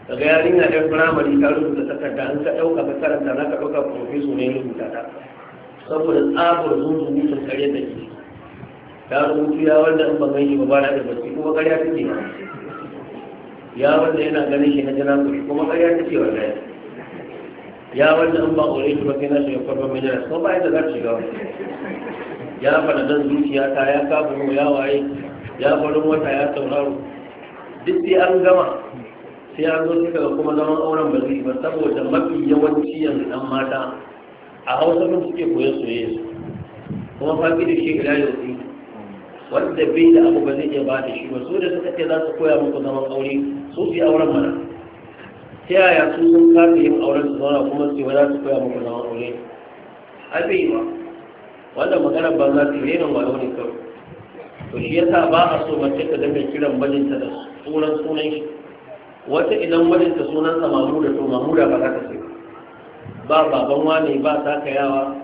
daga yarinya ɗan firamare ta rubuta takarda an ka ɗauka ka karanta na ka ɗauka profeso ne rubuta ta saboda tsabar zunzumi sun kare da ke ta rubutu ya wanda in ban ganshi ba ba na da bacci kuma karya take ya wanda yana ganin shi na jana kuma karya take ya ya wanda an ba aure shi ba kai na shiga farkon majalis. ko ba yadda za ta shiga ya fara dan zuciya ta ya kafa mu ya waye ya farin wata ya sauraro duk sai an gama sai an zo suka kuma zaman auren ba zai ba saboda mafi yawanci yanzu dan mata a hausa mun suke koyon soyayya su kuma fafi da shi ila yau wanda bai da abu ba zai iya ba da shi ba su da suka ce za su koya muku zaman aure su su yi auren mana ta yaya su sun kafa yin auren su zauna kuma su ba za su koya muku na aure abin ba wannan maganar ba za su rena wayo ne kawai to shi yasa ba a so mace ta dinga kiran mijinta da sunan sunan shi wata idan mijinta sunansa mamuda to mamuda ba za ta sai ba baban wane ba takayawa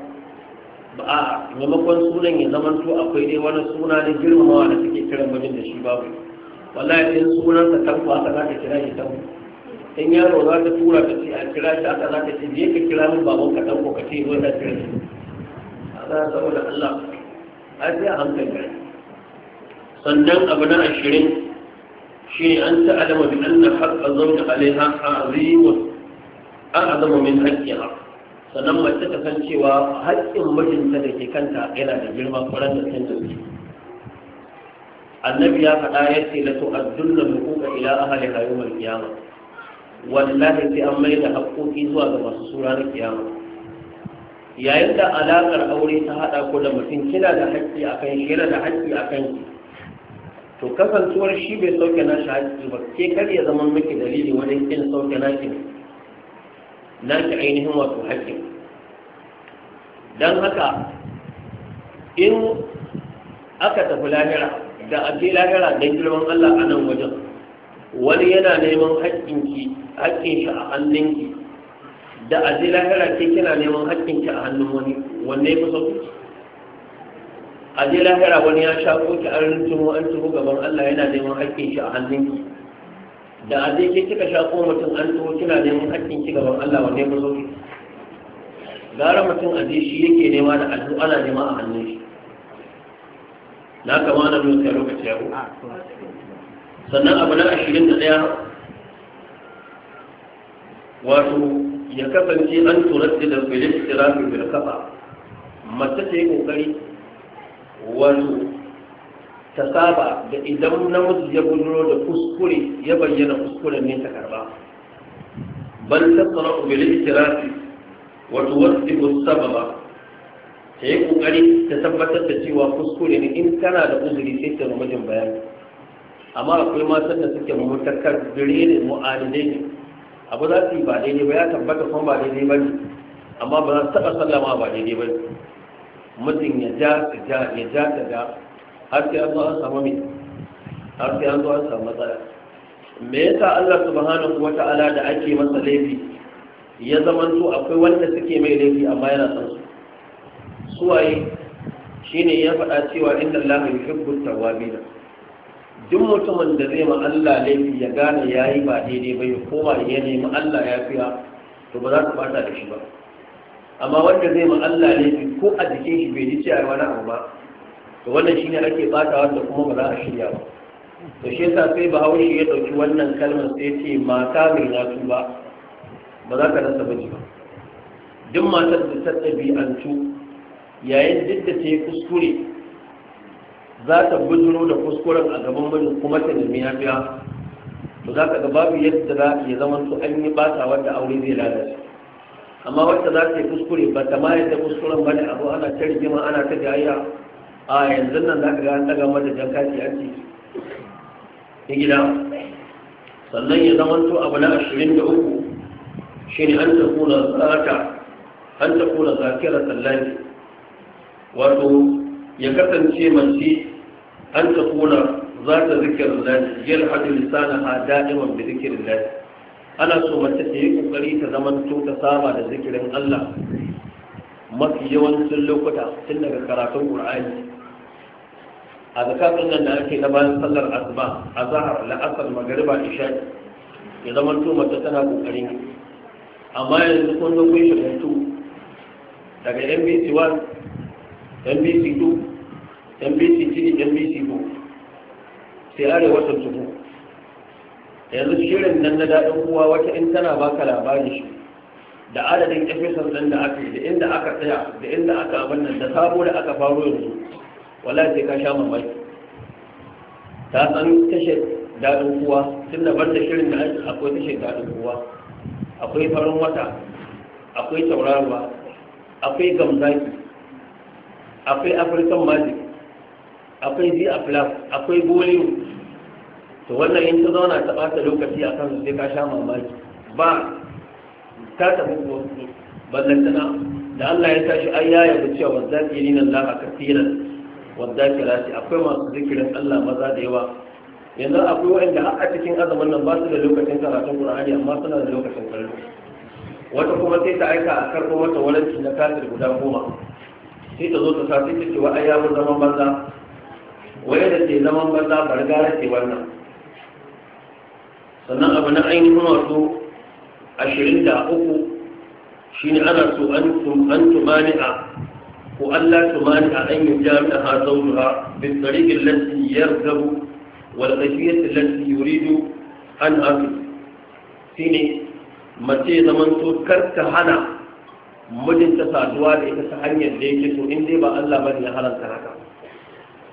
ba a maimakon sunan ya zama to akwai dai wani suna na girmamawa da suke kiran mijin da shi babu wallahi idan sunansa tanko haka za ta kira shi tanko in yaro za ta tura ta ce a kira shi aka za ta ce je ka kira min baban ka dan ka ce zo na kira shi za saboda Allah a sai a hankali gari sannan abu na ashirin shi ne an ta'alama bi anna haqqa zawji alaiha azimun a'zamu min haqqiha sannan mace ta san cewa haƙƙin mijinta da ke kanta yana da girma kwaran da san dauki annabi ya faɗa ya ce la tu'addunna huquqa ila ahliha yawm al-qiyamah wallahi sai an mai da haƙoƙi zuwa ga masu sura na kiyama yayin da alaƙar aure ta haɗa ko da mutum kina da haƙƙi a kan shi yana da haƙƙi a kan ki to kasancewar shi bai sauke na shi haƙƙi ba ke kar ya zama miki dalili wajen kin sauke na ki na ki ainihin wato haƙƙi don haka in aka tafi lahira da a je lahira don girman Allah a nan wajen wani yana neman haƙƙinki haƙƙin shi a hannunki da a je lahira ke kina neman haƙƙinki a hannun wani wanne ya fi sauƙi a je lahira wani ya sha ki an mu an tuho gaban Allah yana neman haƙƙin shi a hannunki da a je ke kika sha mutum an tuho kina neman haƙƙin ki gaban Allah wanne ya fi sauƙi gara mutum a je shi yake nema da addu'a ana nema a hannun shi na kama na lokaci ya ku sannan abu na ashirin da ɗaya wato ya kasance an turatti da filis tirafi bil kafa mace ta yi kokari wato ta saba da idan namiji ya gudunar da kuskure ya bayyana kuskuren ne ta karba bal tasra tirafi wato wasu tuwaddibu sababa ta yi kokari ta tabbatar da cewa kuskure ne in kana da uzuri sai ta namijin bayani amma akwai matan da suke mutakar gire ne mu'alidai ne abu za su yi ba daidai ba ya tabbata kuma ba daidai ba ne amma ba za su taɓa sallama ba daidai ba ne mutum ya ja ta ja ya ja ka ja har sai an zo an samu mai har sai an zo an samu matsala me yasa Allah subhanahu ta'ala da ake masa laifi ya to akwai wanda suke mai laifi amma yana son su suwaye shine ya faɗa cewa inna Allah yuhibbu tawwabin duk mutumin da zai ma'alla Allah laifi ya gane ya yi ba daidai ba ya koma ya nemi Allah ya fiya to ba za ku bata da shi ba amma wanda zai ma'alla Allah laifi ko a jikin shi bai ji a wani abu ba to wannan ne ake bata wanda kuma ba za a shirya ba to shi yasa sai bahaushe ya ɗauki wannan kalmar sai ce mata mai natu ba ba za ka rasa baji ba duk matar da ta ɗabi'antu yayin duk da ta yi kuskure za ta bujiro da kuskuren a gaban mai kuma ta nemi yafiya to za ka ga babu yadda za ya zama su an yi bata wadda aure zai lalace amma wacce za ta yi kuskure ba ta ma yadda kuskuren ba ne abu ana ta rigima ana ta jayya a yanzu nan za ka ga an daga mata jan kati a ciki. Ni gida sannan ya zama to abu na ashirin da uku shine an ta kuna zaka an ta kuna zakira sallani wato ya kasance mace an ta kuna za ta zikir lati yal hadu lisanaha da'iman da zikir lati ana so mace ta yi ƙoƙari ta zama to ta saba da zikirin Allah mafi yawancin lokuta tun daga karatun Ƙur'ani. a zakatun nan da ake na bayan sallar asuba a zahar la'asar magariba isha'i ya zama to mace tana ƙoƙari amma yanzu kun zo kun shiga daga NBC 1 mbc 2 mbc 3 mbc 4 sai arewa ta tuhu yanzu shirin nan na daɗin kuwa wata in tana baka labarin shi da adadin episode nan da aka yi da inda aka tsaya da inda aka abin nan da sabo da aka faro yanzu Wala sai ka sha mamaki ta san tashar daɗin kuwa. tun da bar da shirin da akwai tashar daɗin kuwa. akwai farin wata akwai taurarwa akwai gamzaki akwai african magic akwai a aflaf akwai bollywood to wannan in ta zauna ta ɓata lokaci a kan sai ka sha mamaki ba ta tafi ballantana da Allah ya tashi ai ya yabi cewa wazakirin Allah ke wazakirati akwai masu zikirin Allah maza da yawa yanzu akwai wanda da a cikin azaman nan ba su da lokacin karatun Qur'ani amma suna da lokacin kallo wata kuma sai ta aika a karɓo wata walanci na kafir guda goma sai ta zo ta sa sai ta ce wa ai yaro zaman banza waye da ke zaman banza bargara ce wannan sannan abu na ainihin wato ashirin da uku shi ne ana so an tumani a ko Allah tumani a an yi jami'a ha zauna bin tsarikin lantin yar gabu wal kafiyar lantin yuridu an hafi shi ne mace zaman to ta hana mijinta saduwa da ita ta hanyar da yake so in dai ba Allah bane ya haranta haka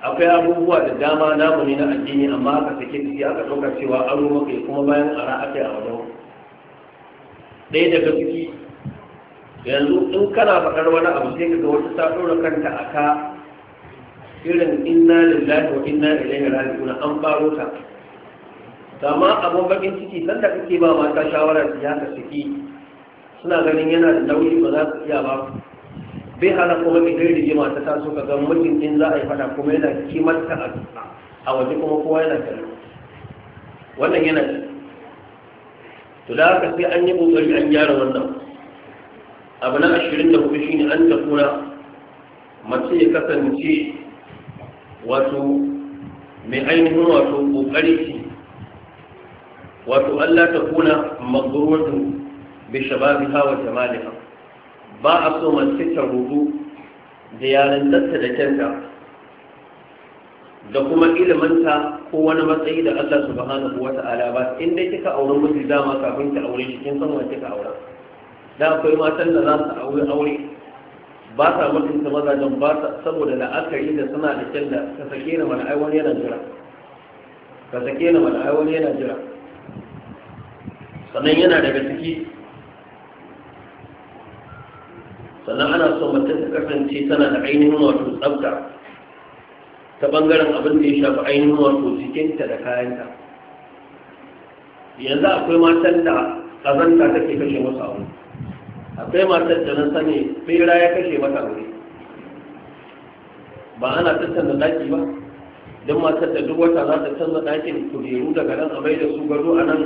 akwai abubuwa da dama namu ne na addini amma aka sake ciki aka dauka cewa an ruwa kai kuma bayan ara ake a wajen ɗaya daga ciki yanzu in kana faɗar wani abu sai ka ga wata ta ɗora kanta a ka irin inna lillahi wa inna ilaihi raji'un an faro ta amma abun bakin ciki sanda kake ba mata shawara siyasa ciki suna ganin yana da nauyi ba za su iya ba bai hana kuma idan rigima ta taso ka ga mutum din za a yi fada kuma yana kimanta a a waje kuma kowa yana kallo wannan yana ci to da haka sai an yi kokari an gyara wannan abu na ashirin da kuma shine an ta kura mace ya kasance wato mai ainihin wato kokari ce wato Allah ta kuna magurwatin bi shababiha wa jamaliha ba a so mace ta rubu da datta da kyanta da kuma ilimanta ko wani matsayi da Allah subhanahu wa ta'ala ba in dai kika aure miji dama kafin ki aure shi kin san wa kika aure. da akwai matan da za su aure aure ba sa mutunta mazajen ba sa saboda la'akari da suna da kyan da ka sake ni mana ai wani yana jira ka sake ni mana ai wani yana jira sannan yana daga ciki sannan ana so mace ta kasance tana da ainihin wato tsabta ta bangaren abin da ya shafi ainihin wato jikinta da kayanta yanzu akwai matan da kazanta take kashe musu abu. akwai matan da na sani bera ya kashe mata aure ba ana da daki ba don matan da duk wata za ta canza dakin kujeru daga nan a mai da su gado a nan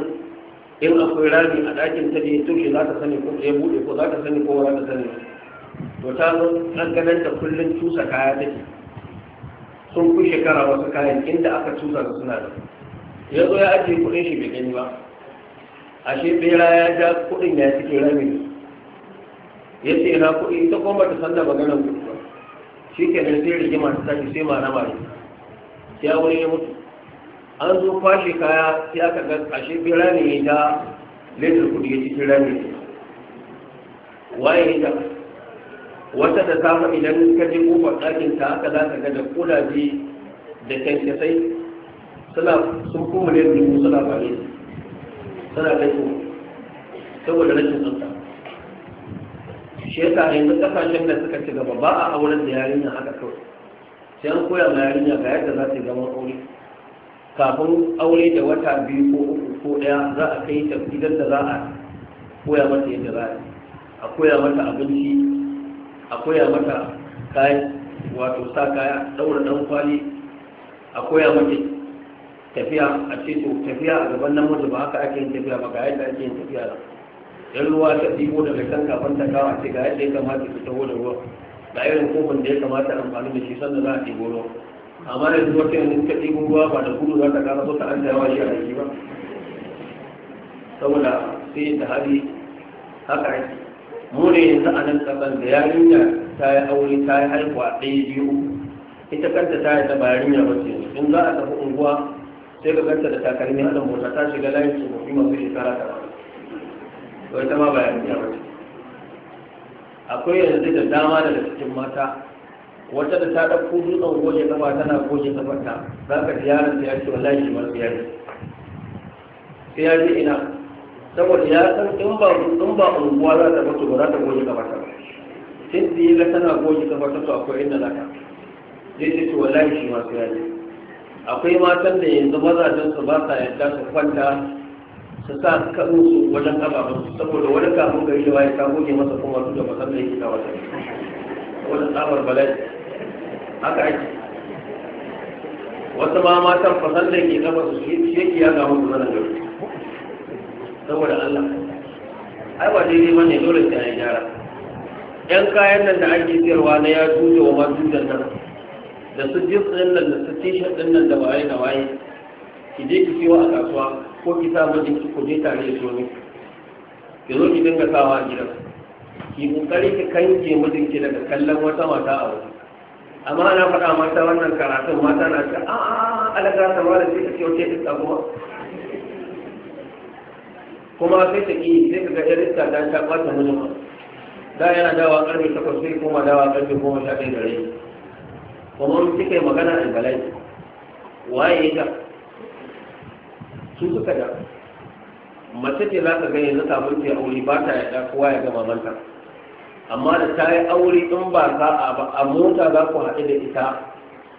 in akwai rami a dakin ta da ya tushe za ta sani ko ya buɗe ko za ta sani ko ba za ta sani to ta zo ɗanganan da kullum cusa kaya take sun fi shekara wasu kayan inda aka cusa da suna da ya zo ya ajiye kuɗin shi bai gani ba ashe bera ya ja kuɗin ya cike rami ya ce na kuɗi ta kuma ta sanda magana maganar kuɗi ba shi ke nan sai rigima ta tashi sai ma mara mare Ya wani ya mutu an zo kwashe kaya sai aka ga ashe bera ne ya ja ledar kuɗi ya cike rami waye ya ja wata da safa idan ka je kofar ɗakin ta aka za ka ga da kulaje da kyankyasai suna sun kuma ne dubu suna bare suna kai su saboda rashin tsafta shi yasa yanzu kasashen da suka ci gaba ba a auren da yarinya haka kawai sai an koya ma yarinya ga yadda za su yi zaman aure kafin aure da wata biyu ko uku ko ɗaya za a kai ta gidan da za a koya mata yadda za a koya mata abinci a koya mata kayan wato sa kaya daura dan kwali a koya mata tafiya a ceto tafiya a gaban nan namiji ba haka ake yin tafiya ba ga yadda ake yin tafiya ba yan ruwa ta ɗibo daga can kafin ta kawo a ce ga yadda ya kamata su taho da ruwa ga irin kofin da ya kamata amfani da shi sannan za a ɗibo ruwa amma da zuwa ta yanzu ta ɗibo ruwa ba da gudu za ta kara so ta an jawa shi a jiki ba saboda sai da hali haka ake mune yanzu a nan tsakan da yarinya ta yi aure ta yi haihuwa ɗaya biyu ita kanta ta yi tabarin ya bace in za a tafi unguwa sai ka kanta da takalmi a mota ta shiga layin tsofaffi masu shekara ta wai ta ma bayan ya bace akwai yanzu da dama daga cikin mata wata da ta ɗauko dutsen goje kafa tana goje kafarta za ka ziyara yaron ta ya wallahi shi masu yari sai ya ina saboda ya san in ba in ba unguwa za ta mutu ba za ta goge kafarta ba sai da ya ga tana goge ta to akwai inda za ta zai ce wallahi shi ma sai akwai matan da yanzu mazajen su ba sa yadda su kwanta su sa kanu su wajen ba saboda wani kafin gari da ya ta goge masa kuma su da masan da yake ta wani tsamar bala'i haka ake wasu ma matan fasan da ke kafa su shi yake ya gamu su zanen gari saboda Allah ai ba daidai bane dole sai an gyara yan kayan nan da ake siyarwa na ya tuce wa masu da nan da su jins ɗin nan da su t-shirt ɗin nan da waye da waye ki je ki siyo a kasuwa ko ki sa mijin ki ku tare da su ne ki zo ki dinga sawa a gidan ki kokari ki kange mijin ki daga kallon wata mata a waje amma ana faɗa mata wannan karatun mata na ce a'a alaga ta wala sai ta ce wace ta kuma kuma sai ta ƙi sai ka ga yar iska ta ta ɓata mijin da yana dawa ƙarfe takwas sai kuma dawa ƙarfe goma sha ɗaya gare kuma mun kika yi magana a balai waye ya su suka da mace ce za ka ga yanzu samun ce aure ba ta yaɗa kowa ya ga mamanta amma da ta yi aure in ba sa'a a mota za ku haɗu da ita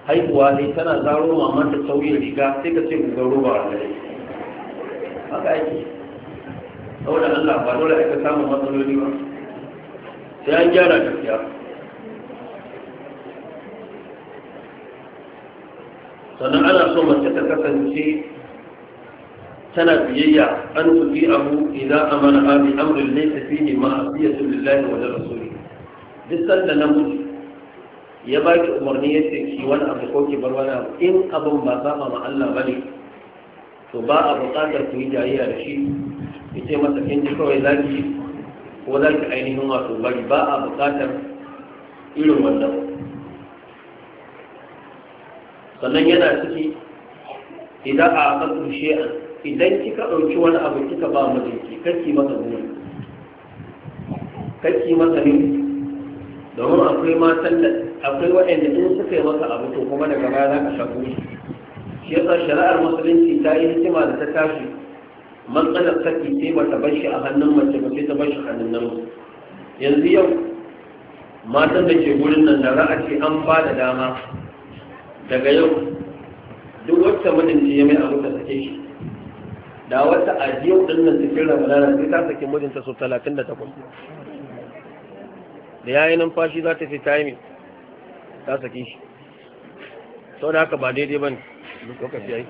haihuwa ne tana zaro mamanta sauyin riga sai ka ce ku ga roba a gare haka ake saboda Allah ba dole aka samu matsaloli ba sai an gyara tafiya sannan ana so mace ta kasance tana biyayya an tufi abu idza amana ne amrin laysa fihi ma'asiyatu lillahi wa rasuli duk sanda namiji ya baki umarni ce ki wani abu ko ki bar wani abu in abin ba saba ma Allah ne, to ba a buƙatar ku yi jayayya da shi ya ce masa in ji kawai za ki ko za ki ainihin wato bari ba a buƙatar irin wannan sannan yana ciki idan a aka shi'an idan kika ɗauki wani abu kika ba mijinki kaki masa guri kaki masa ne domin akwai matan da akwai waɗanda in suka yi masa abu to kuma daga baya za ka shafu shi yasa shari'ar musulunci ta yi hikima da ta tashi matsalar saki sai ba ta bashi a hannun mace ba sai ta bashi hannun namu yanzu yau matan da ke wurin nan da ra'a ce an ba da dama daga yau duk wata mijinci ya mai abu ta sake shi da wata ajiyar din nan cikin ramadana sai ta sake mijinta sau talatin da takwas da yayi numfashi za ta fi taimi ta sake shi sau da haka ba daidai ba ne lokaci ya yi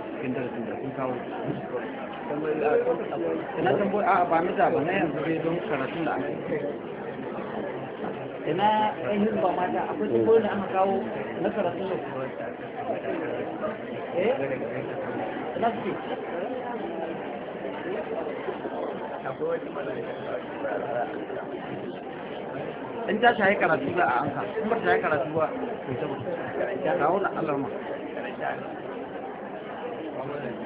cikin darasin da kun kawo ina tambo a ba na da ba na yanzu dai don karatun da aka ina ɗan hizba mata akwai tambo da aka kawo na karatun da eh ina suke in ta shaye karatu za a anka in ta shaye karatu ba ta ba ta Thank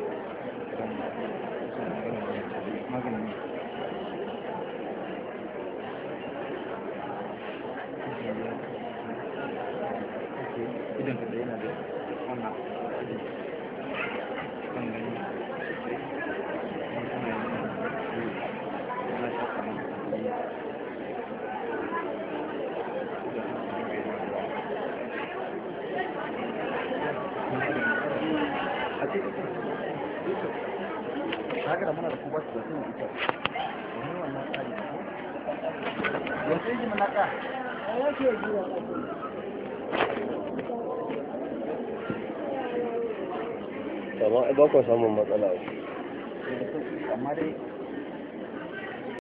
you. akwai samun matsala amma dai